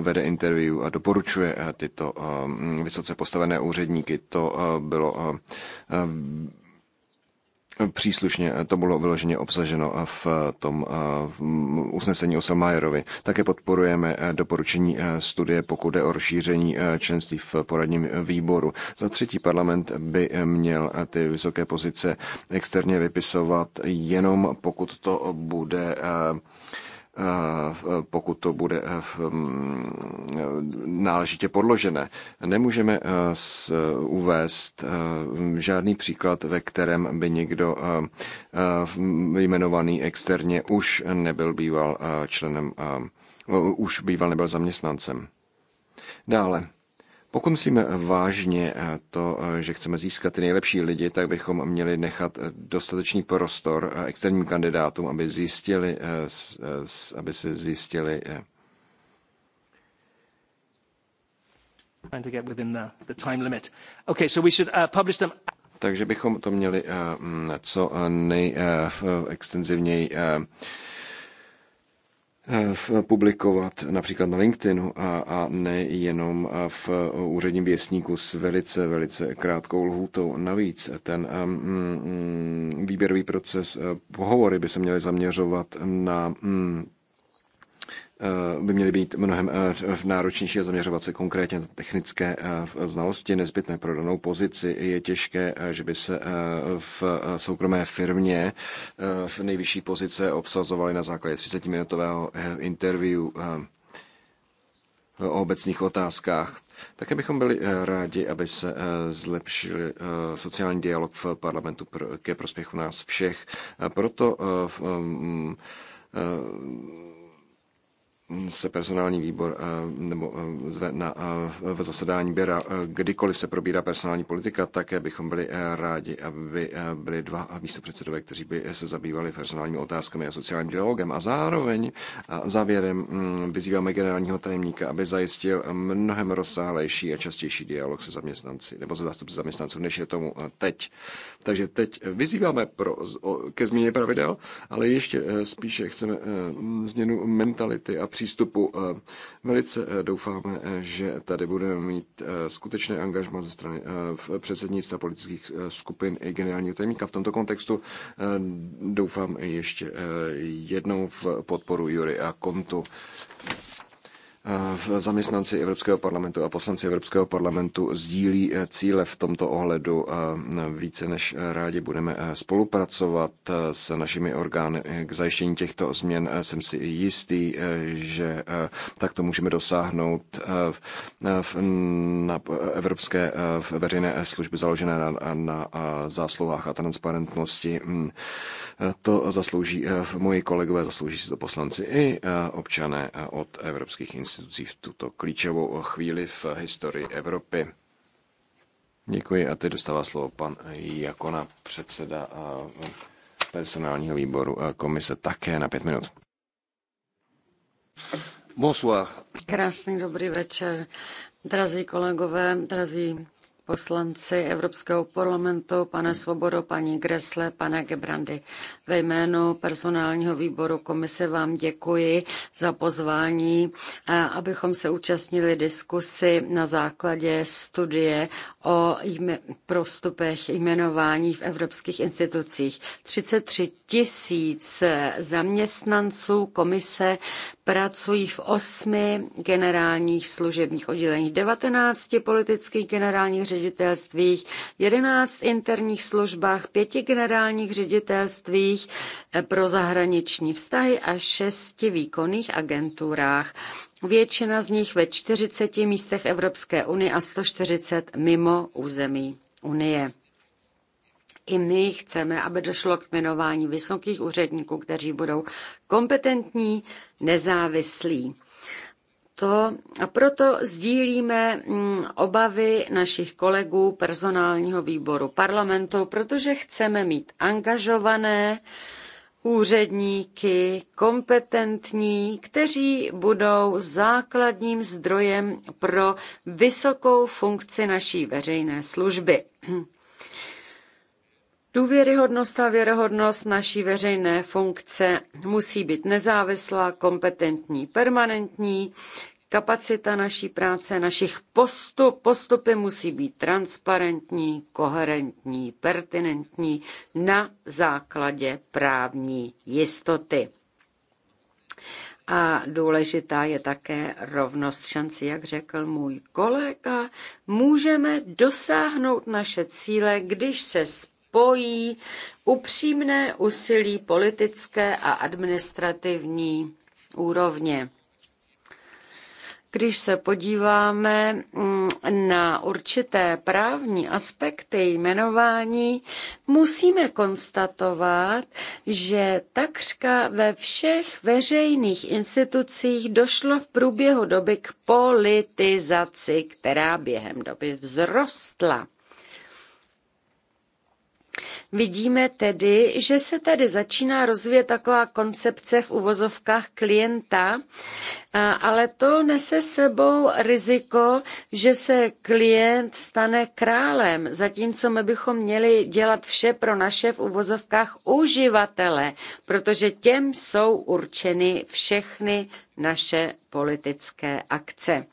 vede interview a doporučuje tyto hm, vysoce postavené úředníky. To bylo Příslušně to bylo vyloženě obsaženo v tom eh, v usnesení o Samajerovi. Také podporujeme eh, doporučení eh, studie, pokud jde o rozšíření členství v poradním výboru. Za třetí parlament by měl ty vysoké pozice externě vypisovat jenom pokud to bude Eh, pokud to bude eh, mm, eh, náležitě podložené. Nemůžeme uvést žádný příklad, ve kterém by někdo jmenovaný externě už nebyl býval členem, už býval nebyl zaměstnancem. Dále. Pokud myslíme vážně eh, to, eh, že chceme získat ty nejlepší lidi, tak bychom měli nechat eh, dostatečný prostor externím kandidátům, aby, zjistili, aby se zjistili takže bychom to měli mm, co nejextenzivněji Eh, publikovat například na LinkedInu a, a nejenom eh, v eh, úředním věstníku s velice, velice krátkou lhůtou. Navíc ten výběrový proces, pohovory by se měly zaměřovat na mm, Eh, by měly být mnohem eh, náročnější a zaměřovat se konkrétně na technické eh, znalosti nezbytné pro danou pozici. Je těžké, že by se v soukromé firmě v nejvyšší pozice obsazovaly na základě 30-minutového interview o obecných otázkách. Také bychom byli rádi, aby se zlepšil sociální dialog v parlamentu ke prospěchu nás všech. Proto se personální výbor eh, nebo eh, zve na, eh, v zasedání Běra, kdykoliv se probírá personální politika, také bychom byli rádi, aby byli dva místopředsedové, kteří by se zabývali personálními otázkami a sociálním dialogem. A zároveň a závěrem mm, vyzýváme generálního tajemníka, aby zajistil mnohem rozsáhlejší a častější dialog se zaměstnanci nebo se zástupci zaměstnanců, než je tomu teď. Takže teď vyzýváme pro, ke změně pravidel, ale ještě spíše chceme změnu mentality a při přístupu. Eh, velice eh, doufáme, eh, že tady budeme mít skutečné angažma ze strany předsednictva politických skupin i generálního tajemníka. V tomto kontextu doufám ještě jednou v podporu Jury a Kontu Zaměstnanci Evropského parlamentu a poslanci Evropského parlamentu sdílí eh, cíle v tomto ohledu. Eh, více než eh, rádi budeme spolupracovat s našimi orgány k zajištění těchto změn. Jsem si jistý, že takto můžeme dosáhnout v, na evropské veřejné služby založené na, na zásluhách a transparentnosti. Hmm. To zaslouží moji kolegové, zaslouží si to poslanci i občané od evropských institucí institucí v tuto klíčovou chvíli v historii Evropy. Děkuji a teď dostává slovo pan Jakona, předseda personálního výboru komise, také na pět minut. Bonsoir. Krásný dobrý večer, drazí kolegové, drazí poslanci Evropského parlamentu, pane Svobodo, paní Gresle, pane Gebrandy. Ve jménu personálního výboru komise vám děkuji za pozvání, abychom se účastnili diskusy na základě studie o prostupech jmenování v evropských institucích. 33 tisíc zaměstnanců komise pracují v osmi generálních služebních odděleních, 19 politických generálních ředitelstvích, 11 interních službách, pěti generálních ředitelstvích, agenturách eh, pro zahraniční vztahy a šesti výkonných agenturách. Většina z nich ve 40 místech Evropské unie a 140 mimo území unie. I my chceme, aby došlo k jmenování vysokých úředníků, kteří budou kompetentní, nezávislí to a proto sdílíme mm, obavy našich kolegů personálního výboru parlamentu, protože chceme mít angažované úředníky, kompetentní, kteří budou základním zdrojem pro vysokou funkci naší veřejné služby. Důvěryhodnost a věrohodnost naší veřejné funkce musí být nezávislá, kompetentní, permanentní, Kapacita naší práce, našich postup, postupy musí být transparentní, koherentní, pertinentní na základě právní jistoty. A důležitá je také rovnost šanci, jak řekl můj kolega. Můžeme dosáhnout naše cíle, když se spojí upřímné úsilí politické a administrativní úrovně. Když se podíváme mm, na určité právní aspekty jmenování, musíme konstatovat, že takřka ve všech veřejných institucích došlo v průběhu doby k politizaci, která během doby vzrostla. Vidíme tedy, že se tady začíná rozvíjet taková koncepce v uvozovkách klienta, ale to nese sebou riziko, že se klient stane králem, zatímco my bychom měli dělat vše pro naše v uvozovkách uživatele, protože těm jsou určeny všechny naše politické akce.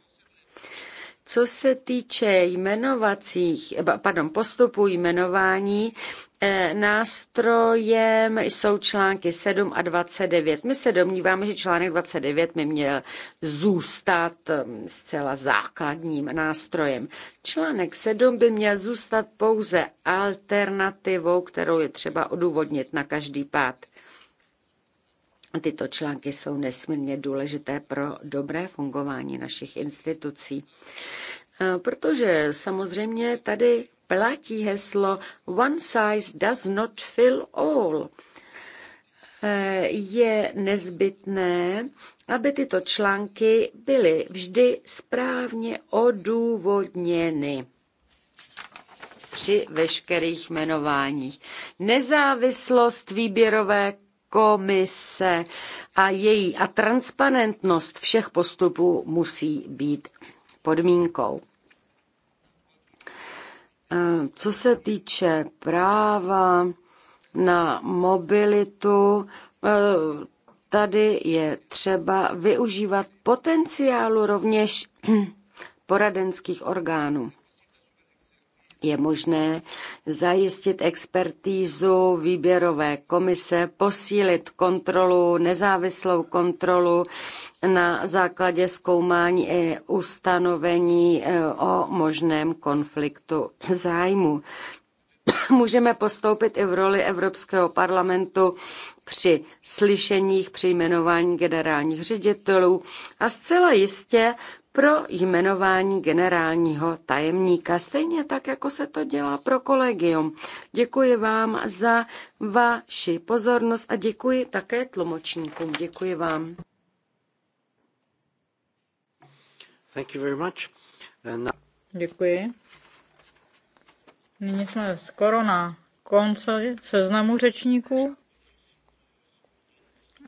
Co se týče jmenovacích, pardon, postupu jmenování, eh, Nástrojem jsou články 7 a 29. My se domníváme, že článek 29 by měl zůstat hm, zcela základním nástrojem. Článek 7 by měl zůstat pouze alternativou, kterou je třeba odůvodnit na každý pád. Tyto články jsou nesmírně důležité pro dobré fungování našich institucí. E, protože samozřejmě tady platí heslo One size does not fill all. E, je nezbytné, aby tyto články byly vždy správně odůvodněny při veškerých jmenováních. Nezávislost výběrové komise a její a transparentnost všech postupů musí být podmínkou. Eh, co se týče práva na mobilitu, eh, tady je třeba využívat potenciálu rovněž poradenských orgánů je možné zajistit expertízu výběrové komise, posílit kontrolu, nezávislou kontrolu na základě zkoumání i ustanovení eh, o možném konfliktu zájmu. Můžeme postoupit i v roli Evropského parlamentu při slyšeních při jmenování generálních ředitelů a zcela jistě pro jmenování generálního tajemníka, stejně tak, jako se to dělá pro kolegium. Děkuji vám za vaši pozornost a děkuji také tlumočníkům. Děkuji vám. Thank you very much. Uh, Now... Děkuji. Nyní jsme skoro na konci seznamu řečníků,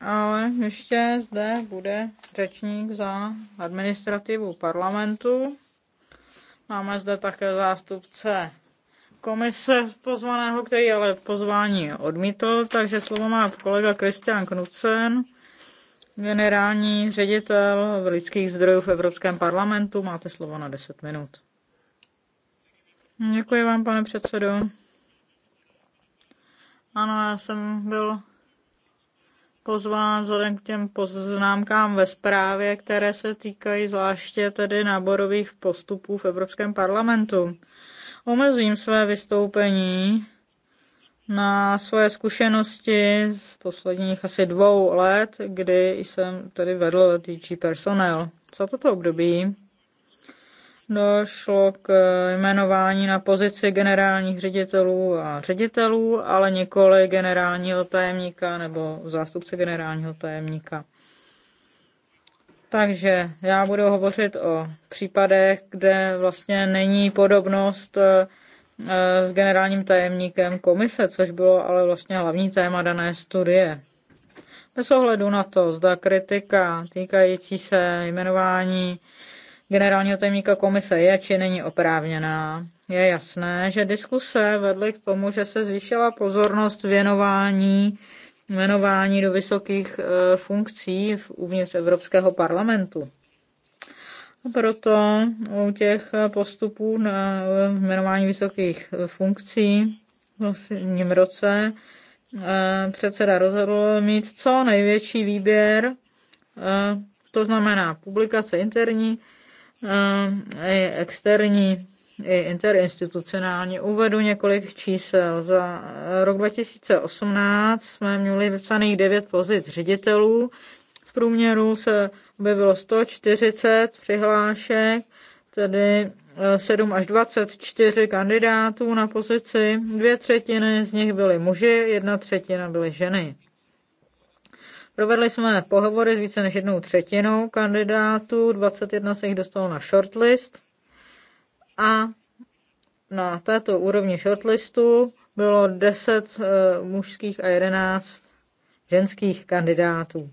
ale ještě zde bude řečník za administrativu parlamentu. Máme zde také zástupce komise pozvaného, který ale pozvání odmítl, takže slovo má kolega Kristian Knucen, generální ředitel lidských zdrojů v Evropském parlamentu. Máte slovo na 10 minut. Děkuji vám, pane předsedo. Ano, já jsem byl pozván vzhledem k těm poznámkám ve zprávě, které se týkají zvláště tedy náborových postupů v Evropském parlamentu. Omezím své vystoupení na své zkušenosti z posledních asi dvou let, kdy jsem tedy vedl DG personel. Za toto období došlo k eh, jmenování na pozici generálních ředitelů a ředitelů, ale nikoli generálního tajemníka nebo zástupce generálního tajemníka. Takže já budu hovořit o případech, kde vlastně není podobnost eh, eh, s generálním tajemníkem komise, což bylo ale vlastně hlavní téma dané studie. Bez ohledu na to, zda kritika týkající se jmenování generálního tajemníka komise je či není oprávněná. Je jasné, že diskuse vedly k tomu, že se zvýšila pozornost věnování věnování do vysokých e, funkcí uvnitř Evropského parlamentu. A proto u těch postupů na e, jmenování vysokých e, funkcí v posledním roce předseda rozhodl mít co největší výběr, to znamená publikace interní, i externí, i interinstitucionální. Uvedu několik čísel. Za rok 2018 jsme měli vypsaných 9 pozic ředitelů. V průměru se objevilo 140 přihlášek, tedy 7 eh, až 24 kandidátů na pozici. Dvě třetiny z nich byly muži, jedna třetina byly ženy. Provedli jsme pohovory s více než jednou třetinou kandidátů, 21 se jich dostalo na shortlist a na této úrovni shortlistu bylo 10 eh, mužských a 11 ženských kandidátů.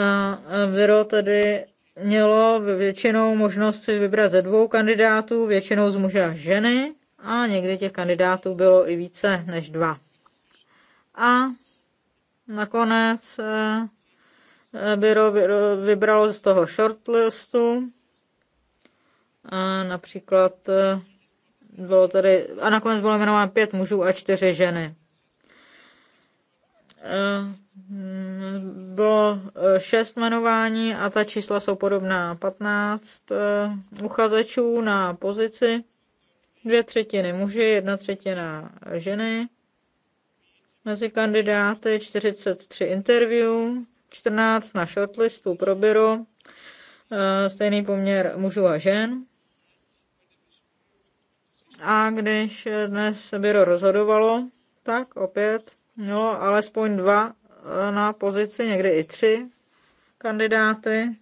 A eh, Viro tedy mělo většinou možnost si vybrat ze dvou kandidátů, většinou z muže a ženy, a někdy těch kandidátů bylo i více než dva. A Nakonec eh, eh, byro eh, vybralo z toho shortlistu a například bylo tady, a nakonec bylo jmenováno pět mužů a čtyři ženy. Bylo šest jmenování a ta čísla jsou podobná. 15 uchazečů na pozici, dvě třetiny muži, jedna třetina ženy. Mezi kandidáty 43 interview, 14 na shortlistu pro byru, eh, stejný poměr mužů a žen. A když dnes byro rozhodovalo, tak opět mělo no, alespoň dva eh, na pozici, někdy i tři kandidáty.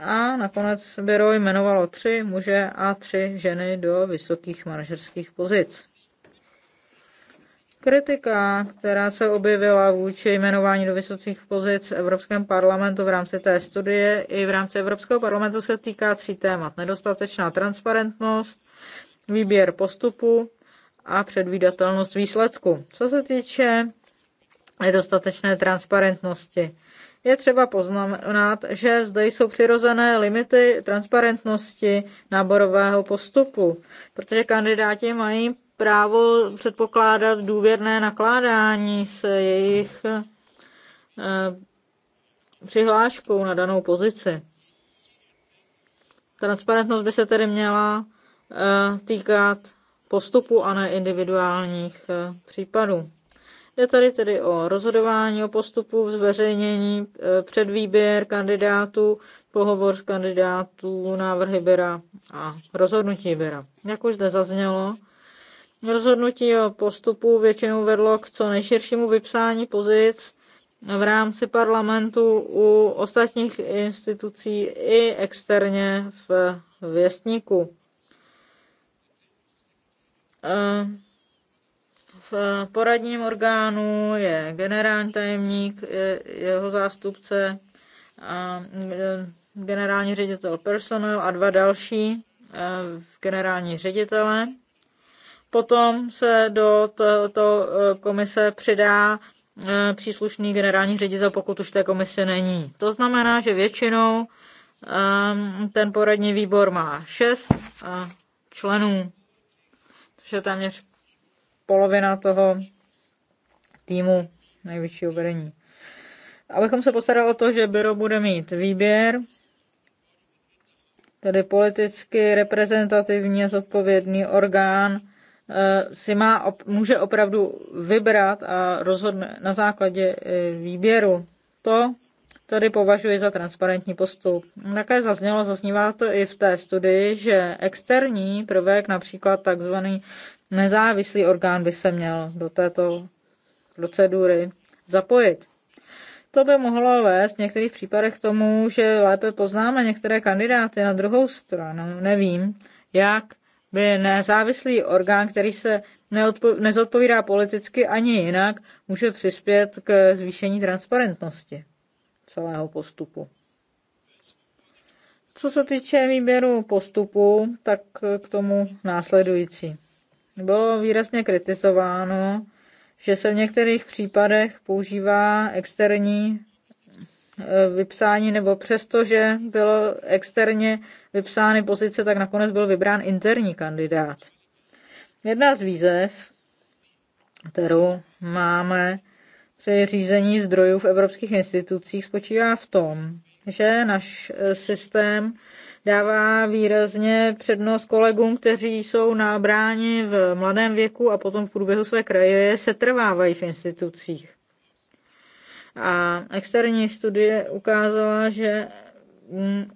A nakonec byro jmenovalo tři muže a tři ženy do vysokých manažerských pozic. Kritika, která se objevila vůči jmenování do vysokých pozic v Evropském parlamentu v rámci té studie i v rámci Evropského parlamentu se týká tří témat. Nedostatečná transparentnost, výběr postupu a předvídatelnost výsledku. Co se týče nedostatečné transparentnosti, je třeba poznamenat, že zde jsou přirozené limity transparentnosti náborového postupu, protože kandidáti mají právo předpokládat důvěrné nakládání s jejich eh, přihláškou na danou pozici. Transparentnost by se tedy měla eh, týkat postupu a ne individuálních eh, případů. Jde tady tedy o rozhodování o postupu, zveřejnění, předvýběr kandidátů, pohovor s kandidátů, návrhy byra a rozhodnutí byra. Jak už zde zaznělo, Rozhodnutí o postupu většinou vedlo k co nejširšímu vypsání pozic v rámci parlamentu u ostatních institucí i externě v věstníku. V poradním orgánu je generální tajemník, jeho zástupce, a e, generální ředitel personel a dva další e, generální ředitele. Potom se do této eh, komise přidá eh, příslušný generální ředitel, pokud už té komise není. To znamená, že většinou ehm, ten poradní výbor má šest eh, členů, což je téměř polovina toho týmu nejvyššího vedení. Abychom se postarali o to, že byro bude mít výběr, tedy politicky reprezentativně zodpovědný orgán, Eh, si má, může opravdu vybrat a rozhodne na základě eh, výběru. To tady považuji za transparentní postup. Také zaznělo, zaznívá to i v té studii, že externí prvek, například takzvaný nezávislý orgán, by se měl do této procedury zapojit. To by mohlo vést v některých případech k tomu, že lépe poznáme některé kandidáty. Na druhou stranu nevím, jak by nezávislý orgán, který se nezodpovídá politicky ani jinak, může přispět k zvýšení transparentnosti celého postupu. Co se týče výběru postupu, tak k tomu následující. Bylo výrazně kritizováno, že se v některých případech používá externí Eh, vypsání, nebo přesto, že bylo externě vypsány pozice, tak nakonec byl vybrán interní kandidát. Jedna z výzev, kterou máme při řízení zdrojů v evropských institucích, spočívá v tom, že náš eh, systém dává výrazně přednost kolegům, kteří jsou na nabráni v mladém věku a potom v průběhu své kraje se trvávají v institucích. A externí studie ukázala, že mm,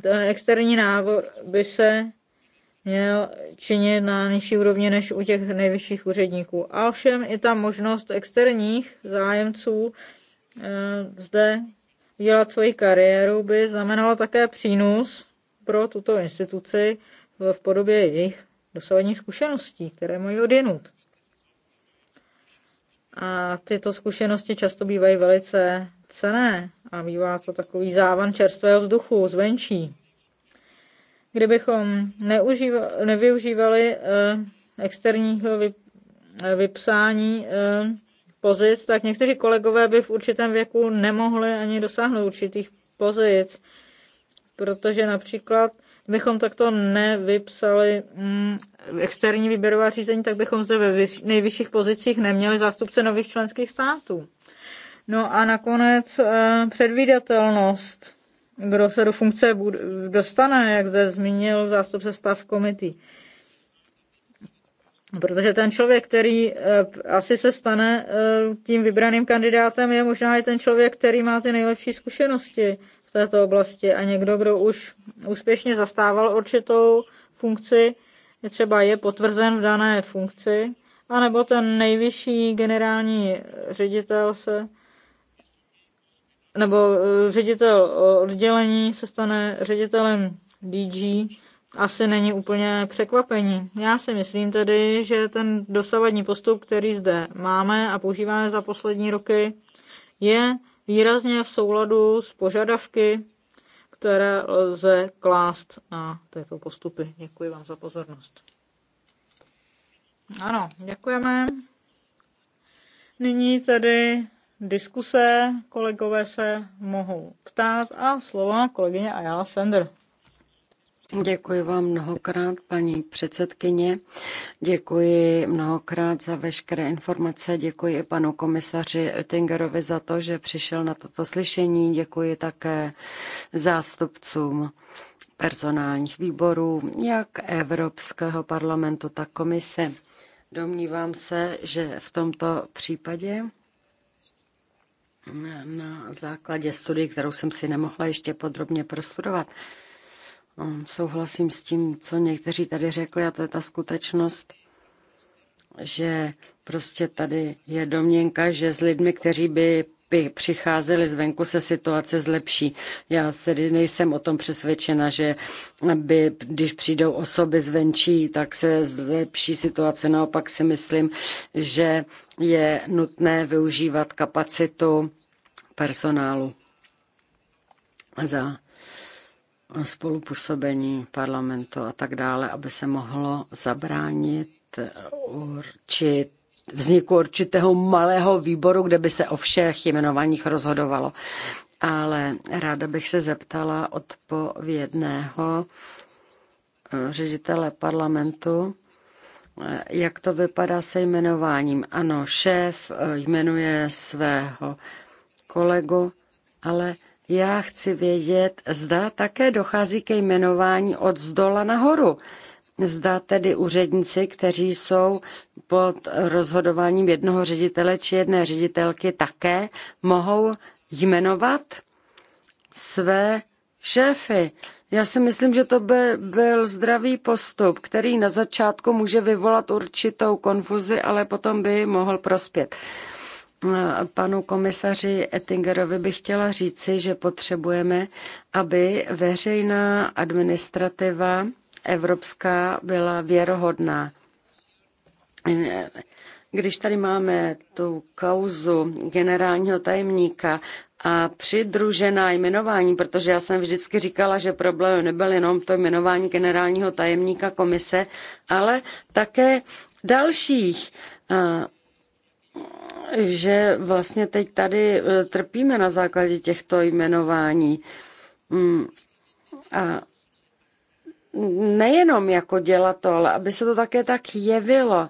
ten externí návod by se měl činit na nižší úrovni než u těch nejvyšších úředníků. A ovšem i ta možnost externích zájemců e, zde dělat svoji kariéru by znamenala také přínos pro tuto instituci v podobě jejich dosavadních zkušeností, které mají odjenut. A tyto zkušenosti často bývají velice cené a bývá to takový závan čerstvého vzduchu zvenčí. Kdybychom neužíva, nevyužívali eh, externího vy, eh, vypsání eh, pozic, tak někteří kolegové by v určitém věku nemohli ani dosáhnout určitých pozic, protože například Kdybychom takto nevypsali mm, externí výběrová řízení, tak bychom zde ve nejvyšších pozicích neměli zástupce nových členských států. No a nakonec eh, předvídatelnost. Kdo se do funkce dostane, jak zde zmínil zástupce stav komitý. Protože ten člověk, který eh, asi se stane eh, tím vybraným kandidátem, je možná i ten člověk, který má ty nejlepší zkušenosti této oblasti a někdo, kdo už úspěšně zastával určitou funkci, je třeba je potvrzen v dané funkci, anebo ten nejvyšší generální ředitel se nebo eh, ředitel oddělení se stane ředitelem DG, asi není úplně překvapení. Já si myslím tedy, že ten dosavadní postup, který zde máme a používáme za poslední roky, je výrazně v souladu s požadavky, které lze klást na této postupy. Děkuji vám za pozornost. Ano, děkujeme. Nyní tedy diskuse, kolegové se mohou ptát a slova kolegyně Ayala Sender. Děkuji vám mnohokrát, paní předsedkyně. Děkuji mnohokrát za veškeré informace. Děkuji i panu komisaři Oettingerovi za to, že přišel na toto slyšení. Děkuji také zástupcům personálních výborů, jak Evropského parlamentu, tak komise. Domnívám se, že v tomto případě na základě studií, kterou jsem si nemohla ještě podrobně prostudovat, Souhlasím s tím, co někteří tady řekli, a to je ta skutečnost, že prostě tady je domněnka, že s lidmi, kteří by přicházeli zvenku, se situace zlepší. Já tedy nejsem o tom přesvědčena, že by, když přijdou osoby zvenčí, tak se zlepší situace. Naopak si myslím, že je nutné využívat kapacitu personálu za spolupůsobení parlamentu a tak dále, aby se mohlo zabránit určit vzniku určitého malého výboru, kde by se o všech jmenovaních rozhodovalo. Ale ráda bych se zeptala odpovědného eh, ředitele parlamentu, eh, jak to vypadá se jmenováním. Ano, šéf eh, jmenuje svého kolegu, ale já chci vědět, zda také dochází ke jmenování od zdola nahoru. Zda tedy úředníci, kteří jsou pod rozhodováním jednoho ředitele či jedné ředitelky, také mohou jmenovat své šéfy. Já si myslím, že to by byl zdravý postup, který na začátku může vyvolat určitou konfuzi, ale potom by mohl prospět panu komisaři Ettingerovi bych chtěla říci, že potřebujeme, aby veřejná administrativa evropská byla věrohodná. Když tady máme tu kauzu generálního tajemníka a přidružená jmenování, protože já jsem vždycky říkala, že problém nebyl jenom to jmenování generálního tajemníka komise, ale také dalších že vlastně teď tady e, trpíme na základě těchto jmenování. Mm, a nejenom jako dělat to, ale aby se to také tak jevilo.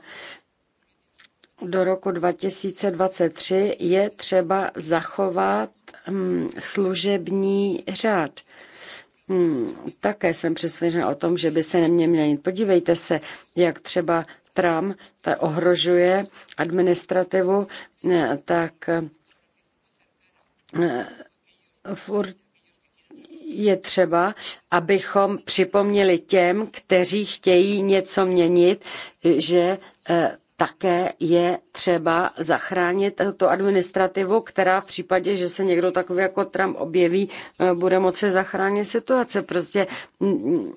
Do roku 2023 je třeba zachovat mm, služební řád. Hmm, také jsem přesvědčen o tom, že by se neměl měnit. Podívejte se, jak třeba tram ta ohrožuje administrativu, eh, tak eh, furt je třeba, abychom připomněli těm, kteří chtějí něco měnit, že eh, také je třeba zachránit tu administrativu, která v případě, že se někdo takový jako Trump objeví, bude moci zachránit situace. Prostě mm, mm,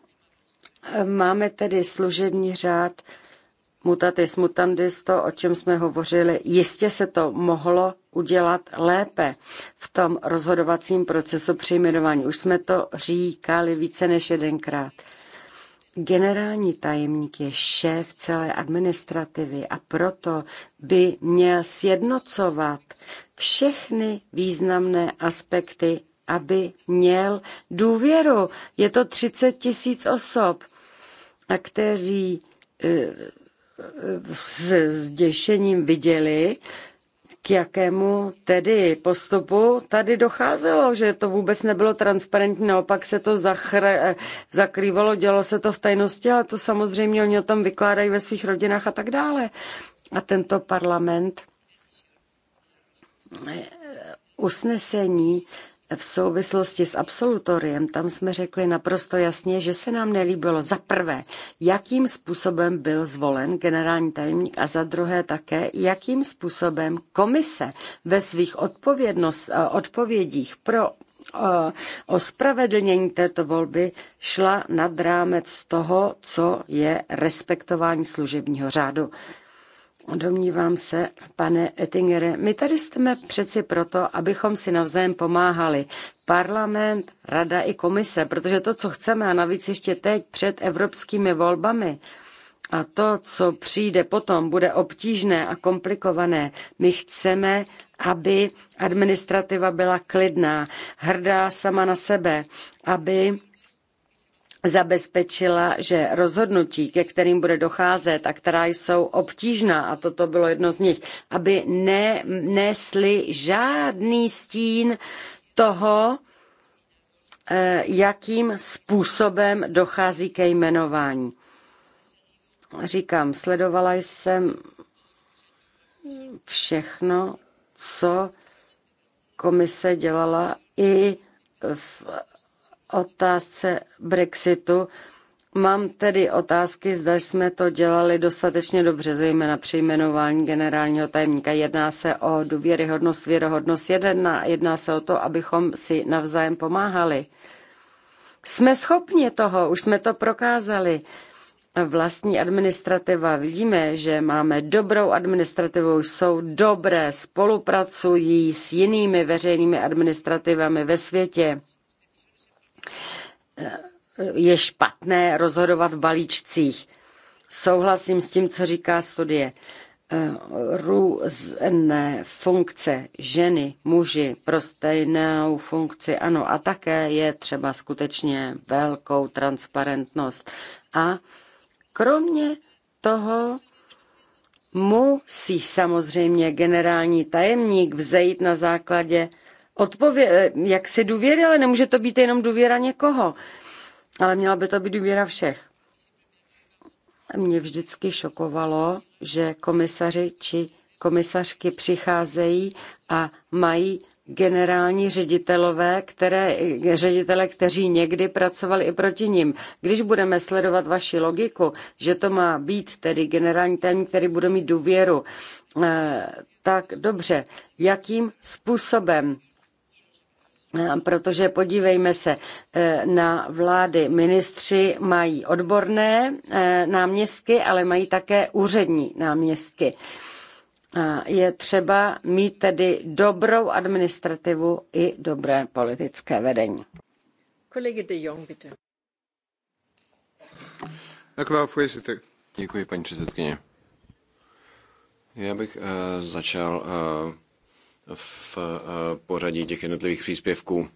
máme tedy služební řád, mutatis mutandis, to, o čem jsme hovořili, jistě se to mohlo udělat lépe v tom rozhodovacím procesu při jmenování. Už jsme to říkali více než jedenkrát. Generální tajemník je šéf celé administrativy a proto by měl sjednocovat všechny významné aspekty, aby měl důvěru. Je to 30 tisíc osob, a kteří eh, s zděšením viděli, k jakému tedy postupu tady docházelo, že to vůbec nebylo transparentní, naopak se to zachr- zakrývalo, dělo se to v tajnosti, ale to samozřejmě oni o tom vykládají ve svých rodinách a tak dále. A tento parlament eh, usnesení v souvislosti s absolutoriem, tam jsme řekli naprosto jasně, že se nám nelíbilo za prvé, jakým způsobem byl zvolen generální tajemník a za druhé také, jakým způsobem komise ve svých eh, odpovědích pro eh, ospravedlnění této volby šla nad rámec toho, co je respektování služebního řádu. Domnívám se, pane Ettingere, my tady jsme přeci proto, abychom si navzájem pomáhali. Parlament, rada i komise, protože to, co chceme, a navíc ještě teď před evropskými volbami, a to, co přijde potom, bude obtížné a komplikované. My chceme, aby administrativa byla klidná, hrdá sama na sebe, aby zabezpečila, že rozhodnutí, ke kterým bude docházet a která jsou obtížná, a toto bylo jedno z nich, aby ne, nesly žádný stín toho, eh, jakým způsobem dochází ke jmenování. Říkám, sledovala jsem všechno, co komise dělala i v otázce Brexitu. Mám tedy otázky, zda jsme to dělali dostatečně dobře, zejména při jmenování generálního tajemníka. Jedná se o důvěryhodnost, věrohodnost jedna, jedná se o to, abychom si navzájem pomáhali. Jsme schopni toho, už jsme to prokázali. Vlastní administrativa, vidíme, že máme dobrou administrativu, jsou dobré, spolupracují s jinými veřejnými administrativami ve světě je špatné rozhodovat v balíčcích. Souhlasím s tím, co říká studie. Eh, různé funkce ženy, muži pro stejnou funkci, ano, a také je třeba skutečně velkou transparentnost. A kromě toho musí samozřejmě generální tajemník vzejít na základě odpově- eh, jak si důvěry, ale nemůže to být jenom důvěra někoho ale měla by to být důvěra všech. Mě vždycky šokovalo, že komisaři či komisařky přicházejí a mají generální ředitelové, které, ředitele, kteří někdy pracovali i proti ním. Když budeme sledovat vaši logiku, že to má být tedy generální tajemník, který bude mít důvěru, eh, tak dobře, jakým způsobem Ehm, protože podívejme se ehm, na vlády. Ministři mají odborné ehm, náměstky, ale mají také úřední náměstky. Je třeba mít tedy dobrou administrativu i dobré politické vedení. Kolegy de Jong, bitte. Děkuji, paní předsedkyně. Já bych eh, začal eh, v eh, pořadí těch jednotlivých příspěvků.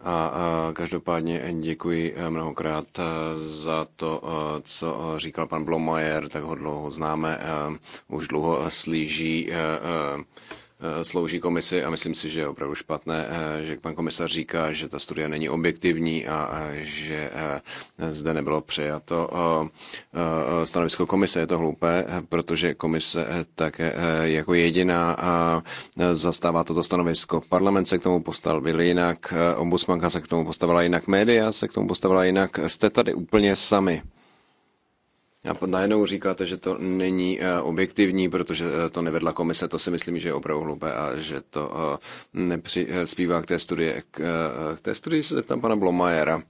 A, každopádně děkuji eh, mnohokrát eh, za to, co říkal pan Blomajer, tak ho dlouho známe, už dlouho slíží Eh, slouží komisi a myslím si, že je opravdu špatné, eh, že pan komisař říká, že ta studie není objektivní a eh, že zde nebylo přijato stanovisko komise. Je to hloupé, protože komise také jako jediná zastává toto stanovisko. Parlament se k tomu postavil jinak, ombudsmanka se k tomu postavila jinak, média se k tomu postavila jinak. Jste tady úplně sami. A najednou říkáte, že to není eh, objektivní, protože eh, to nevedla komise, to si myslím, že je opravdu hloupé a že to eh, nepřispívá k té studii. K té studii se zeptám pana Blomajera.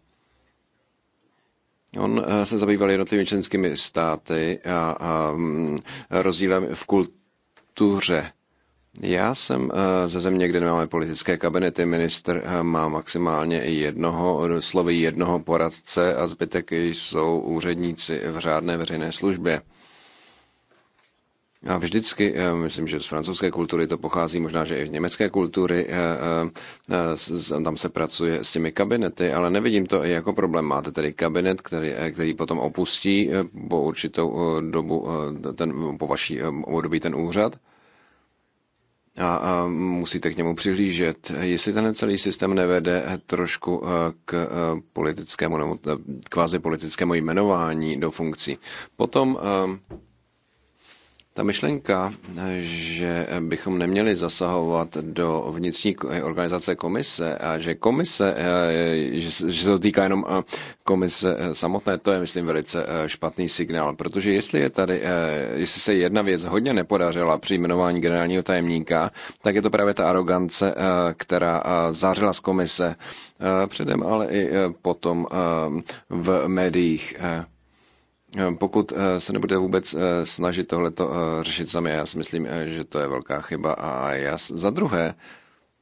On se zabýval jednotlivými členskými státy a, a mm, rozdílem v kultuře já jsem eh, ze země, kde nemáme politické kabinety. Minister eh, má maximálně jednoho, slovy jednoho poradce a zbytek jsou úředníci v řádné veřejné službě. A vždycky, eh, myslím, že z francouzské kultury to pochází, možná, že i z německé kultury, tam se pracuje s těmi kabinety, ale nevidím to i jako problém. Máte tedy kabinet, který, který potom opustí po určitou dobu ten, po vaší období ten úřad a, a musíte k němu přihlížet. Jestli ten celý systém nevede trošku eh, k eh, politickému nebo eh, kvazi politickému jmenování do funkcí. Potom ta myšlenka, že bychom neměli zasahovat do vnitřní organizace komise a že komise, eh, že se to týká jenom eh, komise eh, samotné, to je, myslím, velice špatný signál, protože jestli je tady, jestli se jedna věc hodně nepodařila při jmenování generálního tajemníka, tak je to právě ta arogance, která zářila z komise předem, ale i potom v médiích. Eh, pokud eh, se nebudete vůbec eh, snažit tohleto řešit sami. Já si myslím, že to je velká chyba. A já za druhé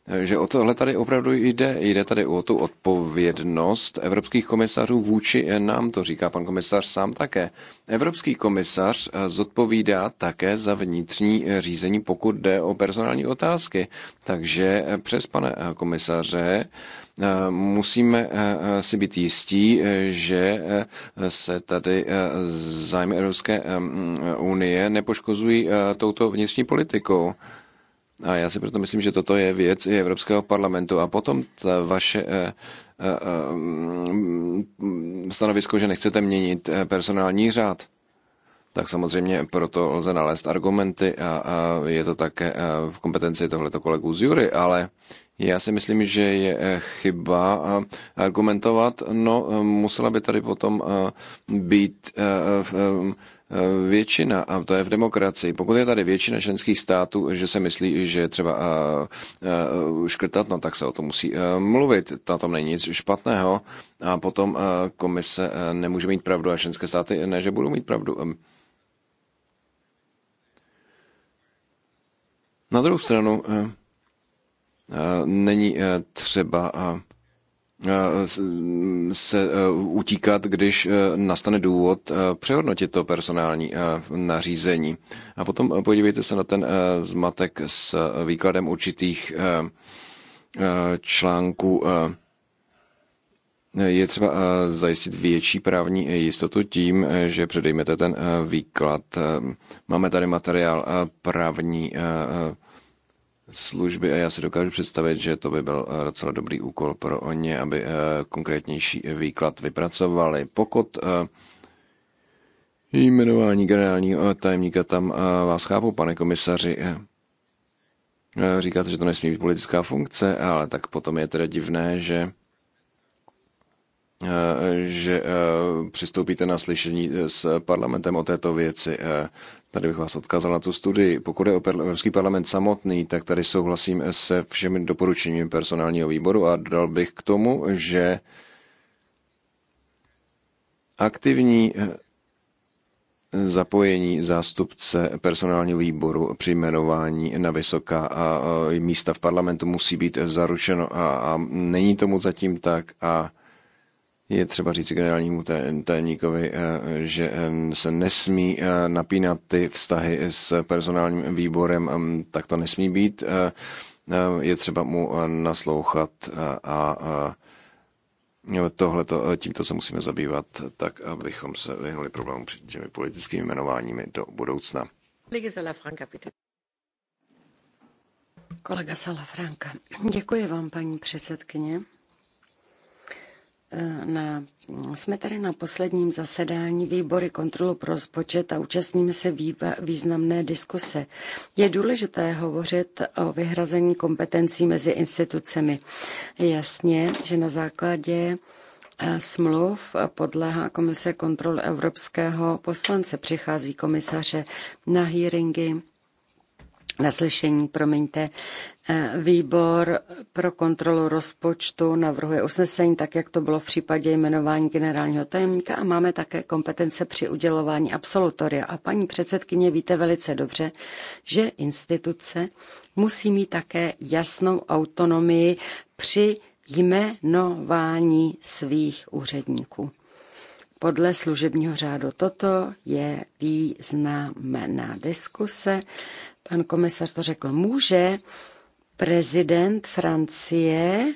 Eh, že o tohle tady opravdu jde. Jde tady o tu odpovědnost evropských komisařů vůči eh, nám, to říká pan komisař sám také. Evropský komisař eh, zodpovídá také za vnitřní řízení, pokud jde o personální otázky. Takže přes pane komisaře musíme si být jistí, že se tady zájmy Evropské unie nepoškozují touto vnitřní politikou. A já si proto myslím, že toto je věc i Evropského parlamentu. A potom ta vaše eh, eh, eh, stanovisko, že nechcete měnit personální řád, tak samozřejmě proto lze nalézt argumenty a, a je to také v kompetenci tohleto kolegů z jury, ale já si myslím, že je chyba argumentovat, no musela by tady potom být Eh, většina, a to je v demokracii, pokud je tady většina členských států, že se myslí, že je třeba eh, eh, škrtat, no tak se o tom musí mluvit. Na tom není nic špatného a potom komise nemůže mít pravdu a členské státy ne, že budou mít pravdu. Na druhou stranu není třeba Eh, mm, se eh, utíkat, když eh, nastane důvod přehodnotit to personální nařízení. A potom podívejte se na ten zmatek s výkladem určitých článků je třeba zajistit větší právní jistotu tím, že předejmete ten výklad. Máme tady materiál právní služby a já si dokážu představit, že to by byl eh, docela dobrý úkol pro ně, aby eh, konkrétnější výklad vypracovali. Pokud eh, jmenování generálního tajemníka tam vás chápu, pane komisaři, říkáte, že to nesmí být politická funkce, ale tak potom je teda divné, že Eh, že eh, přistoupíte na slyšení eh, s parlamentem o této věci. Tady bych vás odkázal na tu studii. Pokud je o Evropský parlament samotný, tak tady souhlasím se všemi doporučeními personálního výboru a dodal bych k tomu, že aktivní zapojení zástupce personálního výboru při jmenování na vysoká místa v parlamentu musí být zaručeno a, a není tomu zatím tak a je třeba říct generálnímu tajemníkovi, eh, že eh, se nesmí eh, napínat ty vztahy s personálním výborem, mm, tak to nesmí být. Je třeba mu naslouchat a tohle tímto se musíme zabývat, tak abychom se vyhnuli problémům před těmi politickými jmenováními do budoucna. Kolega Salafranka, děkuji vám, paní předsedkyně. Eh, na, jsme tady na posledním zasedání výbory kontrolu pro rozpočet a účastníme se výba, významné diskuse. Je důležité hovořit o vyhrazení kompetencí mezi institucemi. Je jasně, že na základě eh, smluv podléhá komise kontrol evropského poslance. Přichází komisaře na hearingy naslyšení, promiňte, e, výbor pro kontrolu rozpočtu navrhuje usnesení, tak jak to bylo v případě jmenování generálního tajemníka a máme také kompetence při udělování absolutoria. A paní předsedkyně, víte velice dobře, že instituce musí mít také jasnou autonomii při jmenování svých úředníků podle služebního řádu. Toto je významná diskuse. Pan komisař to řekl, může prezident Francie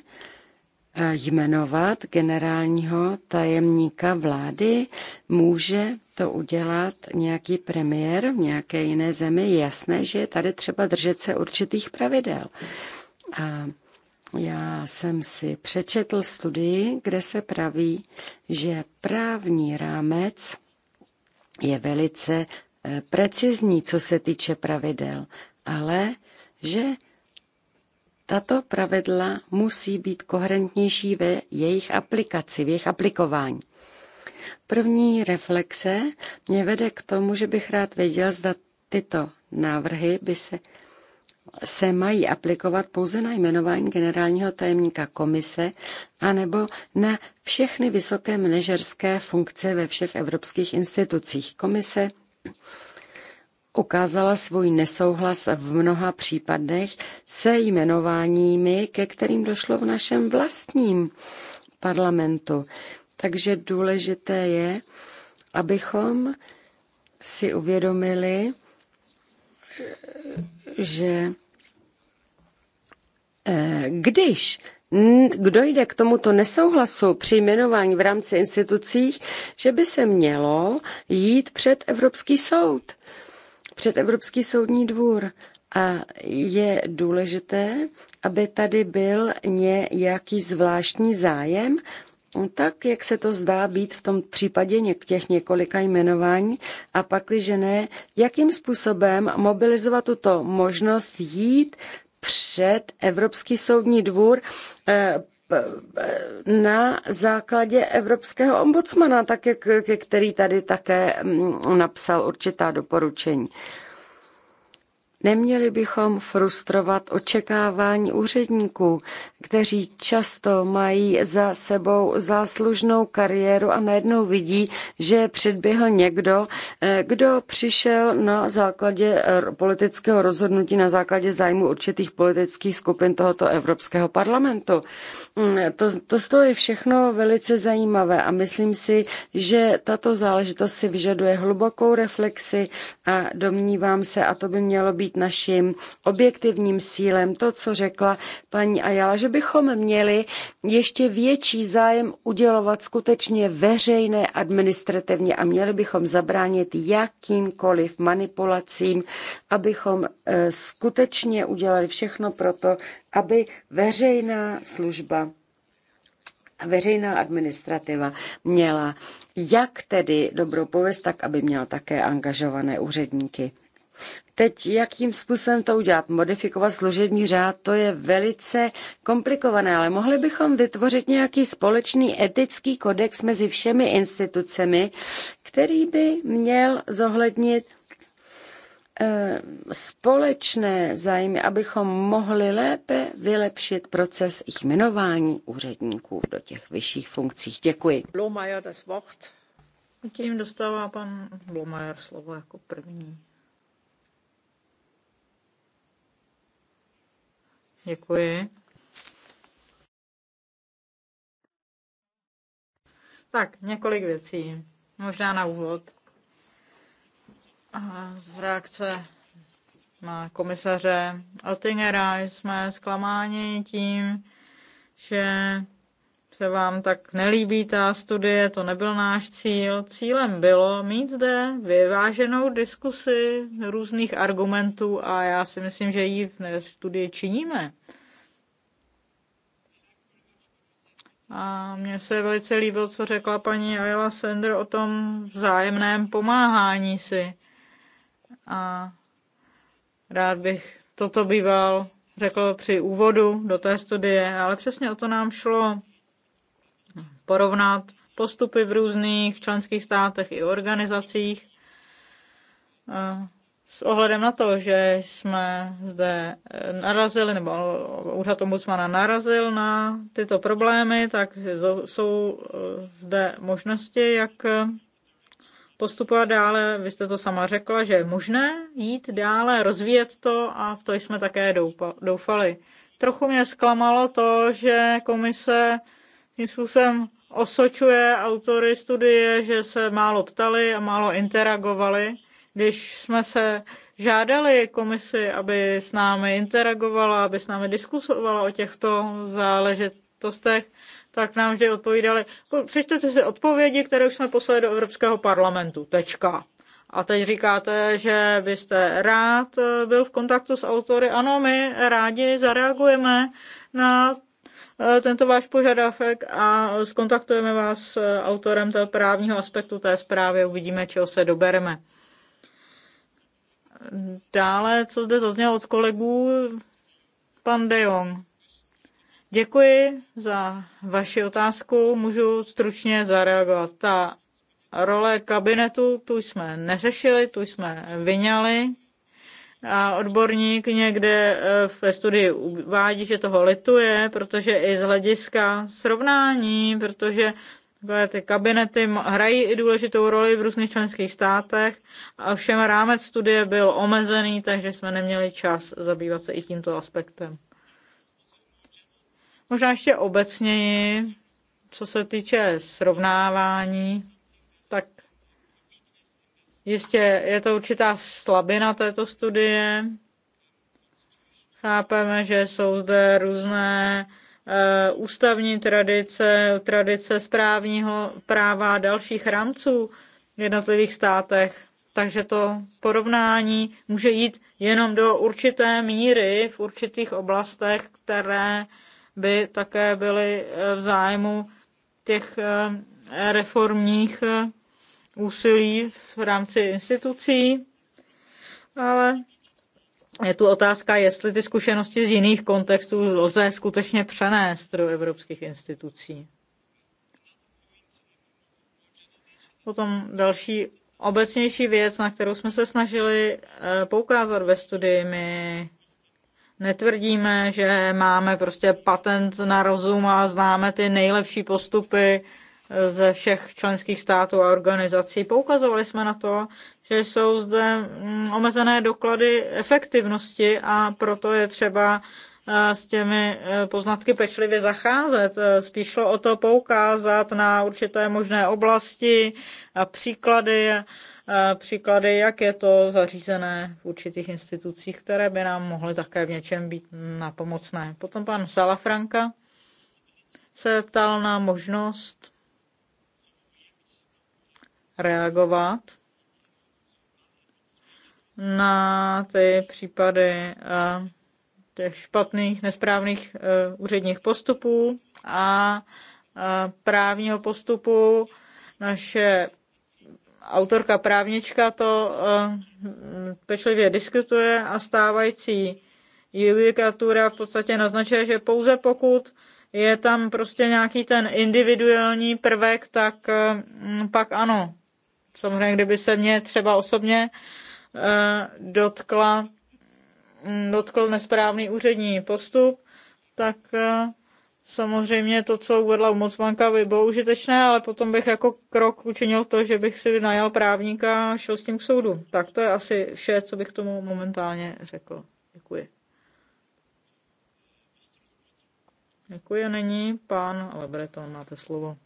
eh, jmenovat generálního tajemníka vlády, může to udělat nějaký premiér v nějaké jiné zemi. jasné, že je tady třeba držet se určitých pravidel. A já jsem si přečetl studii, kde se praví, že právní rámec je velice eh, precizní, co se týče pravidel, ale že tato pravidla musí být koherentnější ve jejich aplikaci, v jejich aplikování. První reflexe mě vede k tomu, že bych rád věděl, zda tyto návrhy by se se mají aplikovat pouze na jmenování generálního tajemníka komise anebo na všechny vysoké manažerské funkce ve všech evropských institucích. Komise ukázala svůj nesouhlas v mnoha případech se jmenováními, ke kterým došlo v našem vlastním parlamentu. Takže důležité je, abychom si uvědomili, že eh, když dojde k tomuto nesouhlasu při jmenování v rámci institucích, že by se mělo jít před Evropský soud, před Evropský soudní dvůr. A je důležité, aby tady byl nějaký zvláštní zájem No, tak, jak se to zdá být v tom případě něk- těch několika jmenování a pakliže ne, jakým způsobem mobilizovat tuto možnost jít před Evropský soudní dvůr eh, eh, na základě evropského ombudsmana, tak jak, který tady také mm, napsal určitá doporučení. Neměli bychom frustrovat očekávání úředníků, kteří často mají za sebou záslužnou kariéru a najednou vidí, že předběhl někdo, eh, kdo přišel na základě politického rozhodnutí, na základě zájmu určitých politických skupin tohoto Evropského parlamentu. Mm, to, to, je všechno velice zajímavé a myslím si, že tato záležitost si vyžaduje hlubokou reflexi a domnívám se, a to by mělo být být naším objektivním sílem. To, co řekla paní Ajala, že bychom měli ještě větší zájem udělovat skutečně veřejné administrativně a měli bychom zabránit jakýmkoliv manipulacím, abychom eh, skutečně udělali všechno pro to, aby veřejná služba a veřejná administrativa měla jak tedy dobrou pověst, tak aby měla také angažované úředníky. Teď jakým způsobem to udělat? Modifikovat služební řád, to je velice komplikované, ale mohli bychom vytvořit nějaký společný etický kodex mezi všemi institucemi, který by měl zohlednit eh, společné zájmy, abychom mohli lépe vylepšit proces jich jmenování úředníků do těch vyšších funkcí. Děkuji. Blomajer das Wort. Tím dostává pan Blomajer slovo jako první. Děkuji. Tak, několik věcí. Možná na úvod. Z reakce na komisaře Oettingera jsme zklamáni tím, že se vám tak nelíbí ta studie, to nebyl náš cíl. Cílem bylo mít zde vyváženou diskusi různých argumentů a já si myslím, že ji v studii činíme. A mně se velice líbilo, co řekla paní Ayla Sender o tom vzájemném pomáhání si. A rád bych toto býval řekl při úvodu do té studie, ale přesně o to nám šlo porovnat postupy v různých členských státech i organizacích. Eh, s ohledem na to, že jsme zde eh, narazili, nebo úřad ombudsmana narazil na tyto problémy, tak jsou eh, zde možnosti, jak postupovat dále. Vy jste to sama řekla, že je možné jít dále, rozvíjet to a v to jsme také doufali. Trochu mě zklamalo to, že komise tím způsobem osočuje autory studie, že se málo ptali a málo interagovali. Když jsme se žádali komisi, aby s námi interagovala, aby s námi diskusovala o těchto záležitostech, tak nám vždy odpovídali, přečtete si odpovědi, které už jsme poslali do Evropského parlamentu. Tečka. A teď říkáte, že byste rád byl v kontaktu s autory. Ano, my rádi zareagujeme na Eh, tento váš požadavek a skontaktujeme vás s eh, autorem toho právního aspektu té zprávy, uvidíme, čeho se dobereme. Dále, co zde zaznělo od kolegů, pan De Jong. Děkuji za vaši otázku. Můžu stručně zareagovat. Ta role kabinetu, tu jsme neřešili, tu jsme vyňali a odborník někde eh, ve studii uvádí, že toho lituje, protože i z hlediska srovnání, protože ty kabinety hrají i důležitou roli v různých členských státech, a všem rámec studie byl omezený, takže jsme neměli čas zabývat se i tímto aspektem. Možná ještě obecněji, co se týče srovnávání, tak Jistě je to určitá slabina této studie. Chápeme, že jsou zde různé uh, ústavní tradice, tradice správního práva a dalších rámců v jednotlivých státech. Takže to porovnání může jít jenom do určité míry v určitých oblastech, které by také byly eh, v zájmu těch eh, reformních úsilí v rámci institucí, ale je tu otázka, jestli ty zkušenosti z jiných kontextů lze skutečně přenést do evropských institucí. Potom další obecnější věc, na kterou jsme se snažili eh, poukázat ve studii, my netvrdíme, že máme prostě patent na rozum a známe ty nejlepší postupy ze všech členských států a organizací. Poukazovali jsme na to, že jsou zde mm, omezené doklady efektivnosti a proto je třeba eh, s těmi eh, poznatky pečlivě zacházet. Eh, spíš šlo o to poukázat na určité možné oblasti a příklady, a příklady, jak je to zařízené v určitých institucích, které by nám mohly také v něčem být napomocné. Potom pan Salafranka se ptal na možnost reagovat na ty případy eh, těch špatných, nesprávných eh, úředních postupů a eh, právního postupu. Naše autorka právnička to pečlivě diskutuje a stávající judikatura v podstatě naznačuje, že pouze pokud je tam prostě nějaký ten individuální prvek, tak pak ano, Samozřejmě, kdyby se mě třeba osobně eh, dotkla, mm, dotkl nesprávný úřední postup, tak eh, samozřejmě to, co uvedla umocmanka, by bylo užitečné, ale potom bych jako krok učinil to, že bych si najal právníka a šel s tím k soudu. Tak to je asi vše, co bych tomu momentálně řekl. Děkuji. Děkuji, není. Pán Lebreton, máte slovo.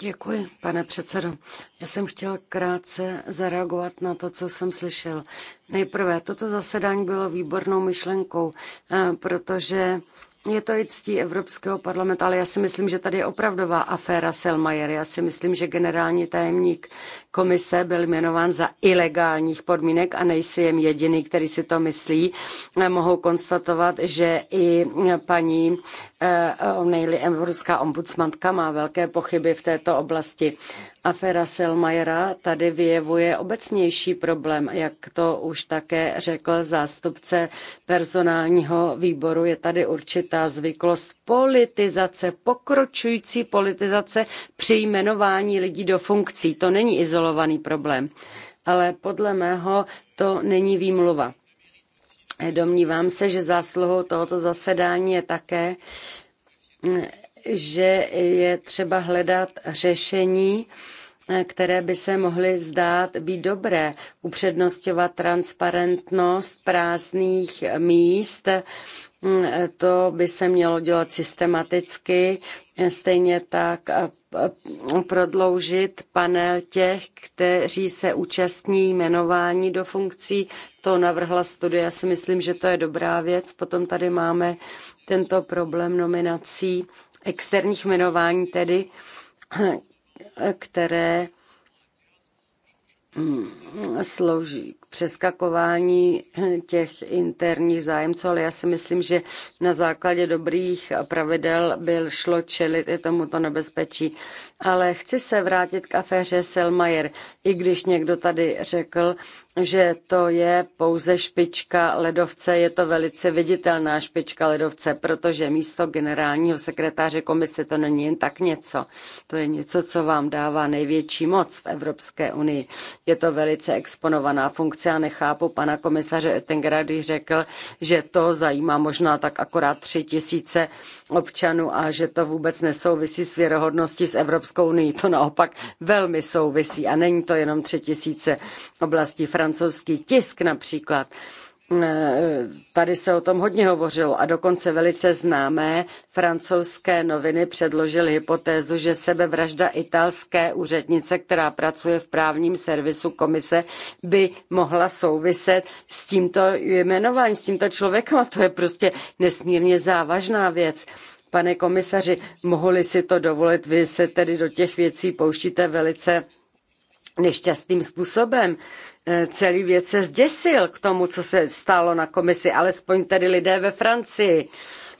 Děkuji, pane předsedo. Já jsem chtěl krátce zareagovat na to, co jsem slyšel. Nejprve, toto zasedání bylo výbornou myšlenkou, eh, protože je to i ctí Evropského parlamentu, ale já si myslím, že tady je opravdová aféra Selmayer. Já si myslím, že generální tajemník komise byl jmenován za ilegálních podmínek a nejsi jen jediný, který si to myslí. Eh, mohou konstatovat, že i paní Eh, evropská ombudsmantka má velké pochyby v této oblasti. Afera Selmajera tady vyjevuje obecnější problém, jak to už také řekl zástupce personálního výboru. Je tady určitá zvyklost politizace, pokročující politizace při jmenování lidí do funkcí. To není izolovaný problém, ale podle mého to není výmluva Domnívám se, že zásluhou tohoto zasedání je také, že je třeba hledat řešení, které by se mohly zdát být dobré, upřednostňovat transparentnost prázdných míst, to by se mělo dělat systematicky, stejně tak prodloužit panel těch, kteří se účastní jmenování do funkcí to navrhla studie. Já si myslím, že to je dobrá věc. Potom tady máme tento problém nominací, externích jmenování tedy, které hm, slouží k přeskakování těch interních zájemců, ale já si myslím, že na základě dobrých pravidel byl šlo čelit i tomuto nebezpečí. Ale chci se vrátit k aféře Selmayr, i když někdo tady řekl, že to je pouze špička ledovce, je to velice viditelná špička ledovce, protože místo generálního sekretáře komise to není jen tak něco. To je něco, co vám dává největší moc v Evropské unii. Je to velice exponovaná funkce a nechápu pana komisaře Oettingera, když řekl, že to zajímá možná tak akorát tři tisíce občanů a že to vůbec nesouvisí s věrohodností s Evropskou unii. To naopak velmi souvisí a není to jenom tři tisíce oblastí francouzský tisk například. Eh, tady se o tom hodně hovořilo a dokonce velice známé francouzské noviny předložily hypotézu, že sebevražda italské úřednice, která pracuje v právním servisu komise, by mohla souviset s tímto jmenováním, s tímto člověkem a to je prostě nesmírně závažná věc. Pane komisaři, mohli si to dovolit, vy se tedy do těch věcí pouštíte velice nešťastným způsobem. Eh, celý věc se zděsil k tomu, co se stalo na komisi, alespoň tedy lidé ve Francii.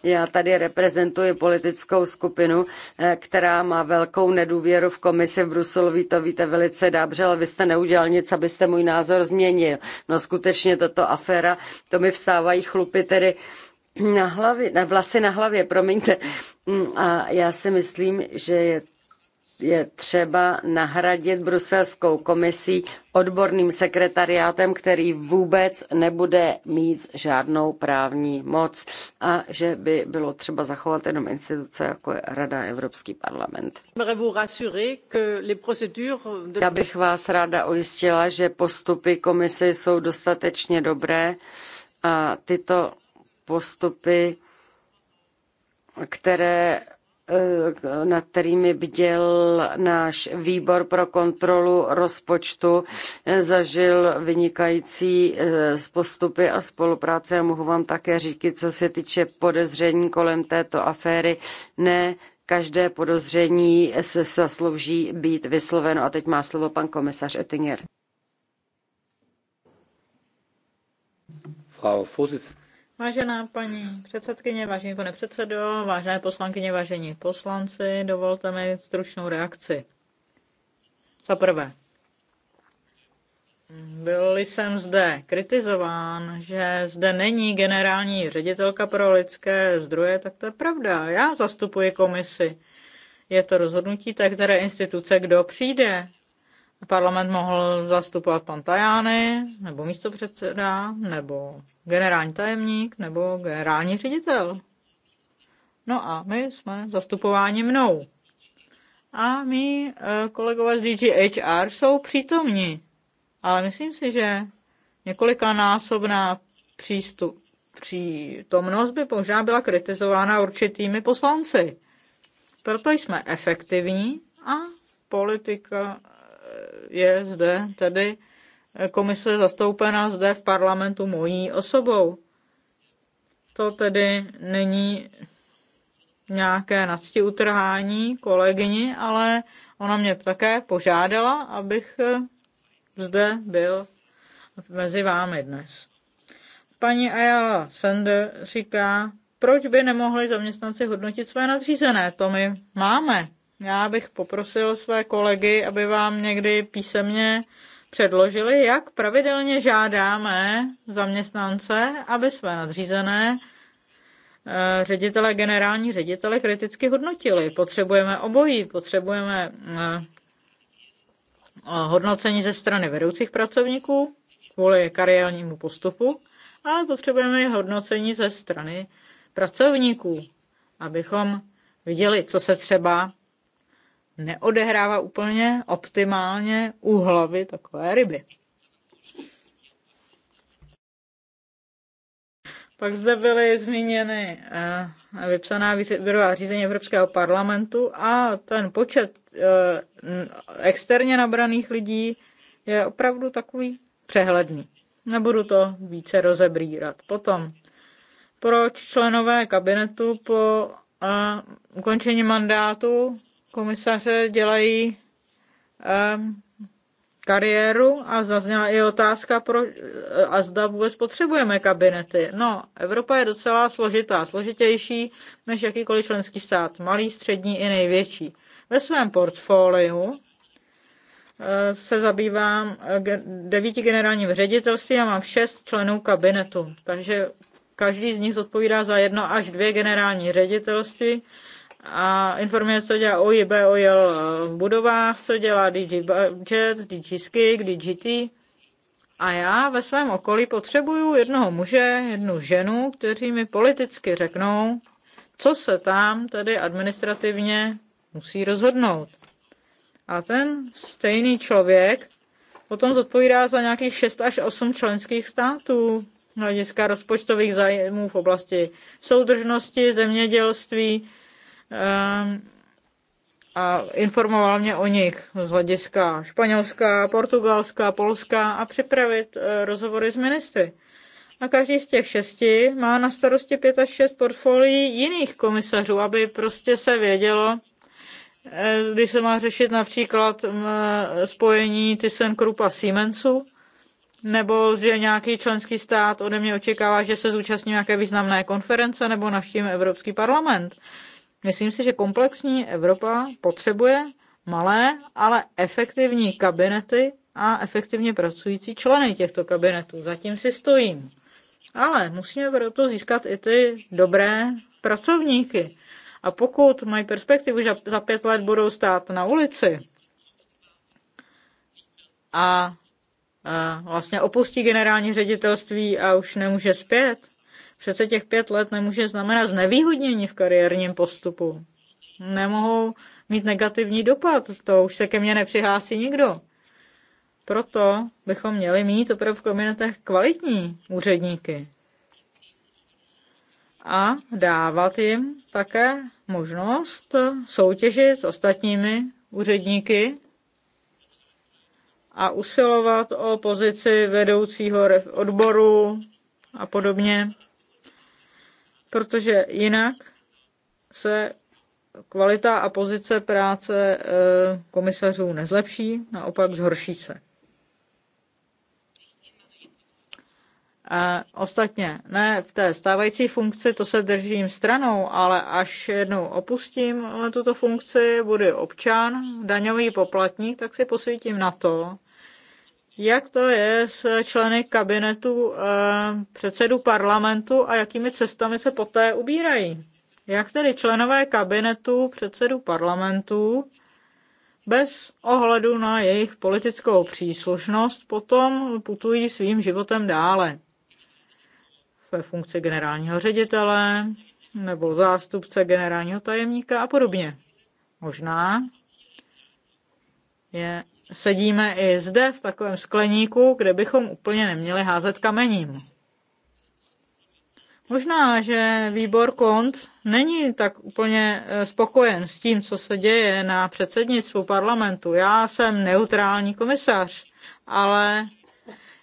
Já tady reprezentuji politickou skupinu, eh, která má velkou nedůvěru v komisi v Bruselu. Vy to víte velice dobře, ale vy jste neudělal nic, abyste můj názor změnil. No skutečně tato aféra, to mi vstávají chlupy tedy na hlavě, na vlasy na hlavě, promiňte. Mm, a já si myslím, že je je třeba nahradit bruselskou komisí odborným sekretariátem, který vůbec nebude mít žádnou právní moc a že by bylo třeba zachovat jenom instituce jako je Rada Evropský parlament. Já bych vás ráda ujistila, že postupy komise jsou dostatečně dobré a tyto postupy, které Eh, nad kterými bděl náš výbor pro kontrolu rozpočtu, eh, zažil vynikající eh, postupy a spolupráce. Já mohu vám také říct, co se týče podezření kolem této aféry. Ne, každé podezření se zaslouží být vysloveno. A teď má slovo pan komisař Oettinger. Frau Vorsitzende, Vážená paní předsedkyně, vážený pane předsedo, vážené poslankyně, vážení poslanci, dovolte mi stručnou reakci. Za prvé, byl jsem zde kritizován, že zde není generální ředitelka pro lidské zdroje, tak to je pravda. Já zastupuji komisi. Je to rozhodnutí té které instituce, kdo přijde parlament mohl zastupovat pan Tajány, nebo místopředseda, nebo generální tajemník, nebo generální ředitel. No a my jsme zastupováni mnou. A my, eh, kolegové z DGHR jsou přítomní. Ale myslím si, že několikanásobná přístup, přítomnost by možná byla kritizována určitými poslanci. Proto jsme efektivní a politika je zde tedy komise zastoupená zde v parlamentu mojí osobou. To tedy není nějaké nadsti utrhání kolegyni, ale ona mě také požádala, abych zde byl mezi vámi dnes. Paní Ayala Sender říká, proč by nemohli zaměstnanci hodnotit své nadřízené? To my máme já bych poprosil své kolegy, aby vám někdy písemně předložili, jak pravidelně žádáme zaměstnance, aby své nadřízené eh, ředitele, generální ředitele kriticky hodnotili. Potřebujeme obojí, potřebujeme eh, eh, hodnocení ze strany vedoucích pracovníků kvůli kariérnímu postupu, ale potřebujeme i hodnocení ze strany pracovníků, abychom viděli, co se třeba neodehrává úplně optimálně u hlavy takové ryby. Pak zde byly zmíněny eh, vypsaná výběrová řízení Evropského parlamentu a ten počet eh, externě nabraných lidí je opravdu takový přehledný. Nebudu to více rozebírat. Potom, proč členové kabinetu po eh, ukončení mandátu komisaře dělají um, kariéru a zazněla i otázka, pro, a zda vůbec potřebujeme kabinety. No, Evropa je docela složitá, složitější než jakýkoliv členský stát, malý, střední i největší. Ve svém portfoliu eh, se zabývám eh, devíti generálním ředitelství a mám šest členů kabinetu, takže každý z nich zodpovídá za jedno až dvě generální ředitelství a informuje, co dělá OIB, OIL eh, v budovách, co dělá DG Budget, DG Skik, T A já ve svém okolí potřebuju jednoho muže, jednu ženu, kteří mi politicky řeknou, co se tam tedy administrativně musí rozhodnout. A ten stejný člověk potom zodpovídá za nějakých 6 až 8 členských států hlediska rozpočtových zájmů v oblasti soudržnosti, zemědělství, Ehm, a informoval mě o nich z hlediska španělská, portugalská, polská a připravit eh, rozhovory s ministry. A každý z těch šesti má na starosti pět až šest portfolií jiných komisařů, aby prostě se vědělo, eh, kdy se má řešit například spojení ThyssenKrupp a Siemensu, nebo že nějaký členský stát ode mě očekává, že se zúčastní nějaké významné konference nebo navštívíme Evropský parlament. Myslím si, že komplexní Evropa potřebuje malé, ale efektivní kabinety a efektivně pracující členy těchto kabinetů. Zatím si stojím. Ale musíme proto získat i ty dobré pracovníky. A pokud mají perspektivu, že za pět let budou stát na ulici a vlastně opustí generální ředitelství a už nemůže zpět, Přece těch pět let nemůže znamenat znevýhodnění v kariérním postupu. Nemohou mít negativní dopad, to už se ke mně nepřihlásí nikdo. Proto bychom měli mít opravdu v kabinetech kvalitní úředníky a dávat jim také možnost soutěžit s ostatními úředníky a usilovat o pozici vedoucího odboru a podobně protože jinak se kvalita a pozice práce eh, komisařů nezlepší, naopak zhorší se. A eh, Ostatně, ne v té stávající funkci, to se držím stranou, ale až jednou opustím eh, tuto funkci, budu občan, daňový poplatník, tak si posvítím na to, jak to je s členy kabinetu eh, předsedu parlamentu a jakými cestami se poté ubírají? Jak tedy členové kabinetu předsedu parlamentu bez ohledu na jejich politickou příslušnost potom putují svým životem dále? Ve funkci generálního ředitele nebo zástupce generálního tajemníka a podobně. Možná je sedíme i zde v takovém skleníku, kde bychom úplně neměli házet kamením. Možná, že výbor KONT není tak úplně eh, spokojen s tím, co se děje na předsednictvu parlamentu. Já jsem neutrální komisař, ale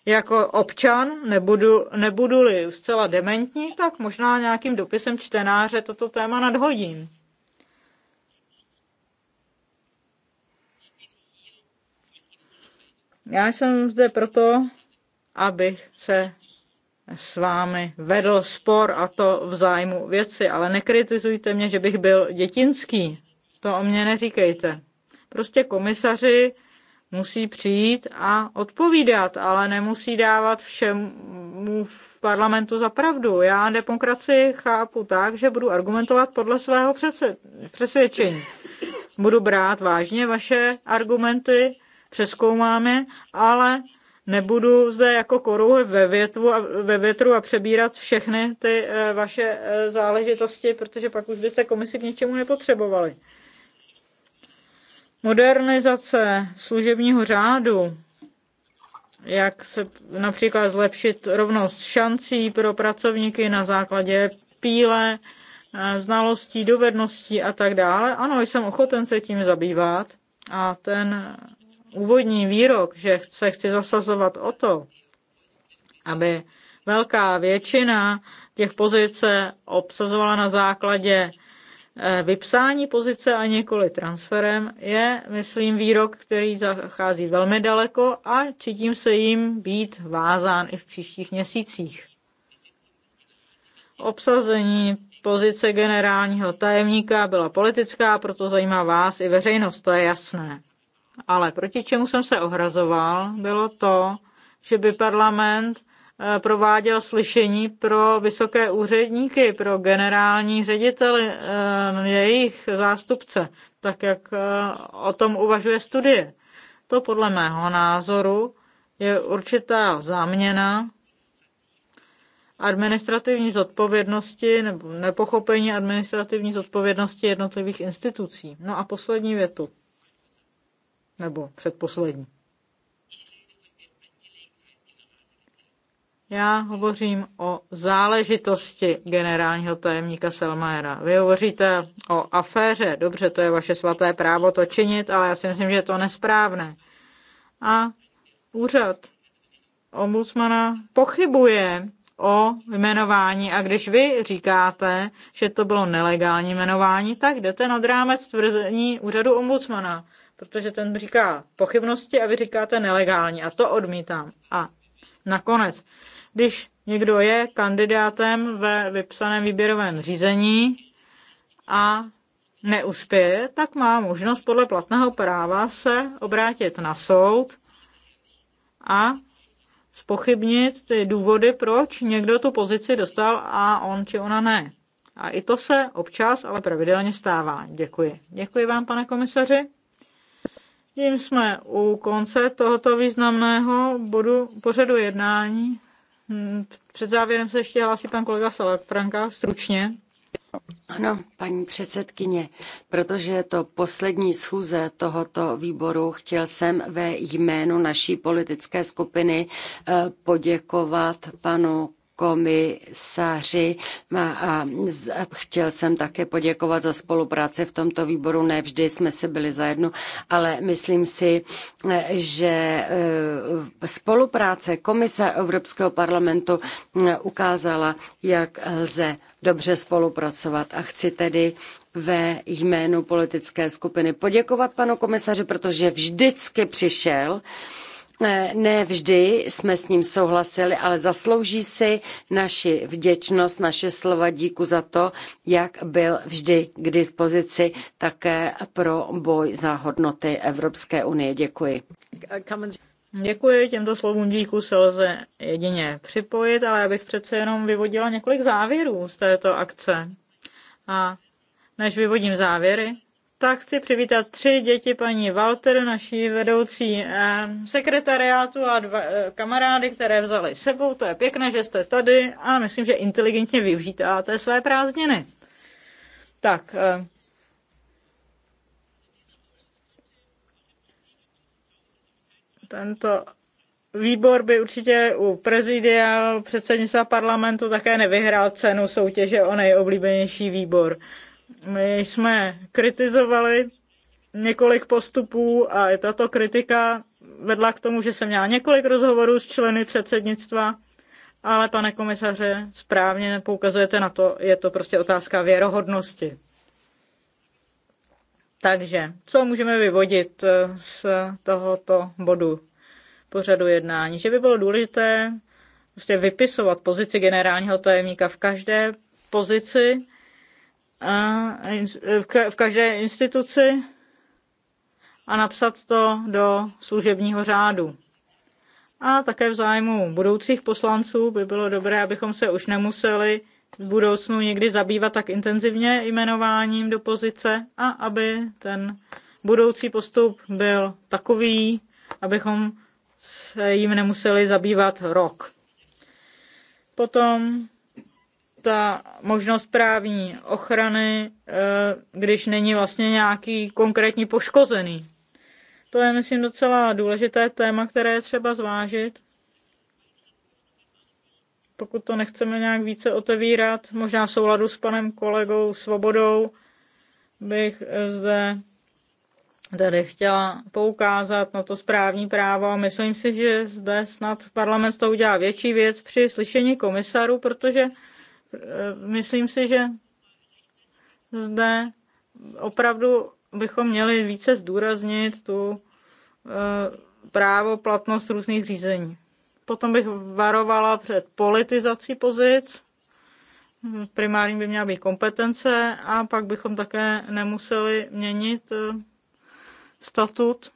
jako občan nebudu, nebudu-li zcela dementní, tak možná nějakým dopisem čtenáře toto téma nadhodím. Já jsem zde proto, abych se s vámi vedl spor a to v zájmu věci, ale nekritizujte mě, že bych byl dětinský. To o mě neříkejte. Prostě komisaři musí přijít a odpovídat, ale nemusí dávat všemu v parlamentu za pravdu. Já demokracii chápu tak, že budu argumentovat podle svého přesvědčení. Budu brát vážně vaše argumenty, přeskoumáme, ale nebudu zde jako koruhy ve, a, ve větru a přebírat všechny ty eh, vaše eh, záležitosti, protože pak už byste komisi k ničemu nepotřebovali. Modernizace služebního řádu, jak se například zlepšit rovnost šancí pro pracovníky na základě píle, eh, znalostí, dovedností a tak dále. Ano, jsem ochoten se tím zabývat a ten úvodní výrok, že se chci zasazovat o to, aby velká většina těch pozice obsazovala na základě eh, vypsání pozice a několik transferem, je, myslím, výrok, který zachází velmi daleko a cítím se jim být vázán i v příštích měsících. Obsazení pozice generálního tajemníka byla politická, proto zajímá vás i veřejnost, to je jasné. Ale proti čemu jsem se ohrazoval, bylo to, že by parlament eh, prováděl slyšení pro vysoké úředníky, pro generální řediteli, eh, jejich zástupce, tak jak eh, o tom uvažuje studie. To podle mého názoru je určitá záměna administrativní zodpovědnosti nebo nepochopení administrativní zodpovědnosti jednotlivých institucí. No a poslední větu nebo předposlední. Já hovořím o záležitosti generálního tajemníka Selmajera. Vy hovoříte o aféře, dobře, to je vaše svaté právo to činit, ale já si myslím, že je to nesprávné. A úřad ombudsmana pochybuje o jmenování a když vy říkáte, že to bylo nelegální jmenování, tak jdete nad rámec tvrzení úřadu ombudsmana protože ten říká pochybnosti a vy říkáte nelegální a to odmítám. A nakonec, když někdo je kandidátem ve vypsaném výběrovém řízení a neuspěje, tak má možnost podle platného práva se obrátit na soud a spochybnit ty důvody, proč někdo tu pozici dostal a on či ona ne. A i to se občas, ale pravidelně stává. Děkuji. Děkuji vám, pane komisaři. Tím jsme u konce tohoto významného bodu pořadu jednání. Hmm, před závěrem se ještě hlásí pan kolega Salak Franka, stručně. Ano, paní předsedkyně, protože je to poslední schůze tohoto výboru, chtěl jsem ve jménu naší politické skupiny eh, poděkovat panu komisaři a chtěl jsem také poděkovat za spolupráci v tomto výboru. Ne vždy jsme se byli zajedno, ale myslím si, že e, spolupráce komise Evropského parlamentu ukázala, jak lze dobře spolupracovat a chci tedy ve jménu politické skupiny poděkovat panu komisaři, protože vždycky přišel ne vždy jsme s ním souhlasili, ale zaslouží si naši vděčnost, naše slova díku za to, jak byl vždy k dispozici také pro boj za hodnoty Evropské unie. Děkuji. Děkuji, těmto slovům díku se lze jedině připojit, ale já bych přece jenom vyvodila několik závěrů z této akce. A než vyvodím závěry, tak chci přivítat tři děti paní Walter, naší vedoucí eh, sekretariátu a dva eh, kamarády, které vzali sebou. To je pěkné, že jste tady a myslím, že inteligentně využítáte své prázdniny. Tak. Eh, tento výbor by určitě u prezidia předsednictva parlamentu také nevyhrál cenu soutěže o nejoblíbenější výbor. Uh, my jsme kritizovali několik postupů a i tato kritika vedla k tomu, že jsem měla několik rozhovorů s členy předsednictva, ale pane komisaře, správně poukazujete na to, je to prostě otázka věrohodnosti. Takže, co můžeme vyvodit eh, z tohoto bodu pořadu jednání? Že by bylo důležité prostě vypisovat pozici generálního tajemníka v každé pozici a v každé instituci a napsat to do služebního řádu. A také v zájmu budoucích poslanců by bylo dobré, abychom se už nemuseli v budoucnu někdy zabývat tak intenzivně jmenováním do pozice a aby ten budoucí postup byl takový, abychom se jim nemuseli zabývat rok. Potom ta možnost právní ochrany, eh, když není vlastně nějaký konkrétní poškozený. To je, myslím, docela důležité téma, které je třeba zvážit. Pokud to nechceme nějak více otevírat, možná v souladu s panem kolegou Svobodou, bych eh, zde tady chtěla poukázat na to správní právo. Myslím si, že zde snad parlament to udělá větší věc při slyšení komisaru, protože Eh, myslím si, že zde opravdu bychom měli více zdůraznit tu eh, právo platnost různých řízení. Potom bych varovala před politizací pozic. Primární by měla být kompetence a pak bychom také nemuseli měnit eh, statut.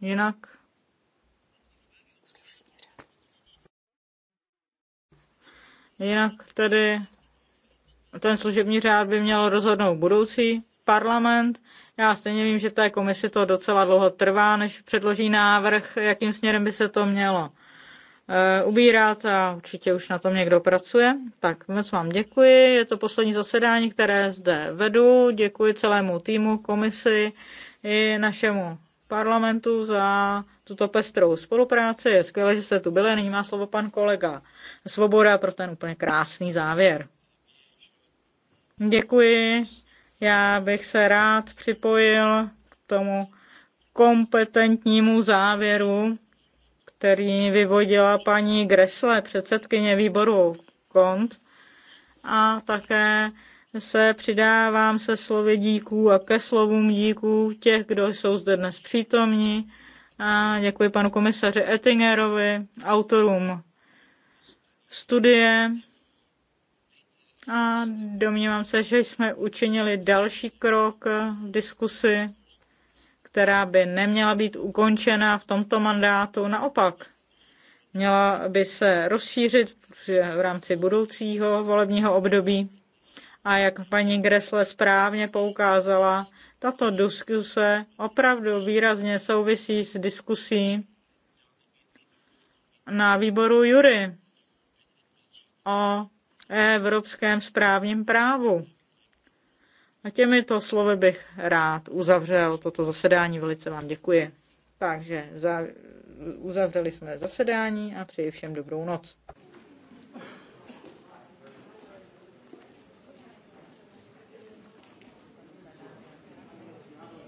Jinak Jinak tedy ten služební řád by měl rozhodnout budoucí parlament. Já stejně vím, že té komisi to docela dlouho trvá, než předloží návrh, jakým směrem by se to mělo eh, ubírat a určitě už na tom někdo pracuje. Tak moc vám děkuji, je to poslední zasedání, které zde vedu. Děkuji celému týmu, komisi i našemu parlamentu za tuto pestrou spolupráci. Je skvělé, že jste tu byli. Nyní má slovo pan kolega Svoboda pro ten úplně krásný závěr. Děkuji. Já bych se rád připojil k tomu kompetentnímu závěru, který vyvodila paní Gresle, předsedkyně výboru KONT, a také se přidávám se slovy díků a ke slovům díků těch, kdo jsou zde dnes přítomní. A děkuji panu komisaři Ettingerovi, autorům studie. A domnívám se, že jsme učinili další krok v diskusi, která by neměla být ukončena v tomto mandátu. Naopak, měla by se rozšířit v rámci budoucího volebního období. A jak paní Gresle správně poukázala, tato diskuse opravdu výrazně souvisí s diskusí na výboru Jury o evropském správním právu. A těmito slovy bych rád uzavřel toto zasedání. Velice vám děkuji. Takže uzavřeli jsme zasedání a přeji všem dobrou noc.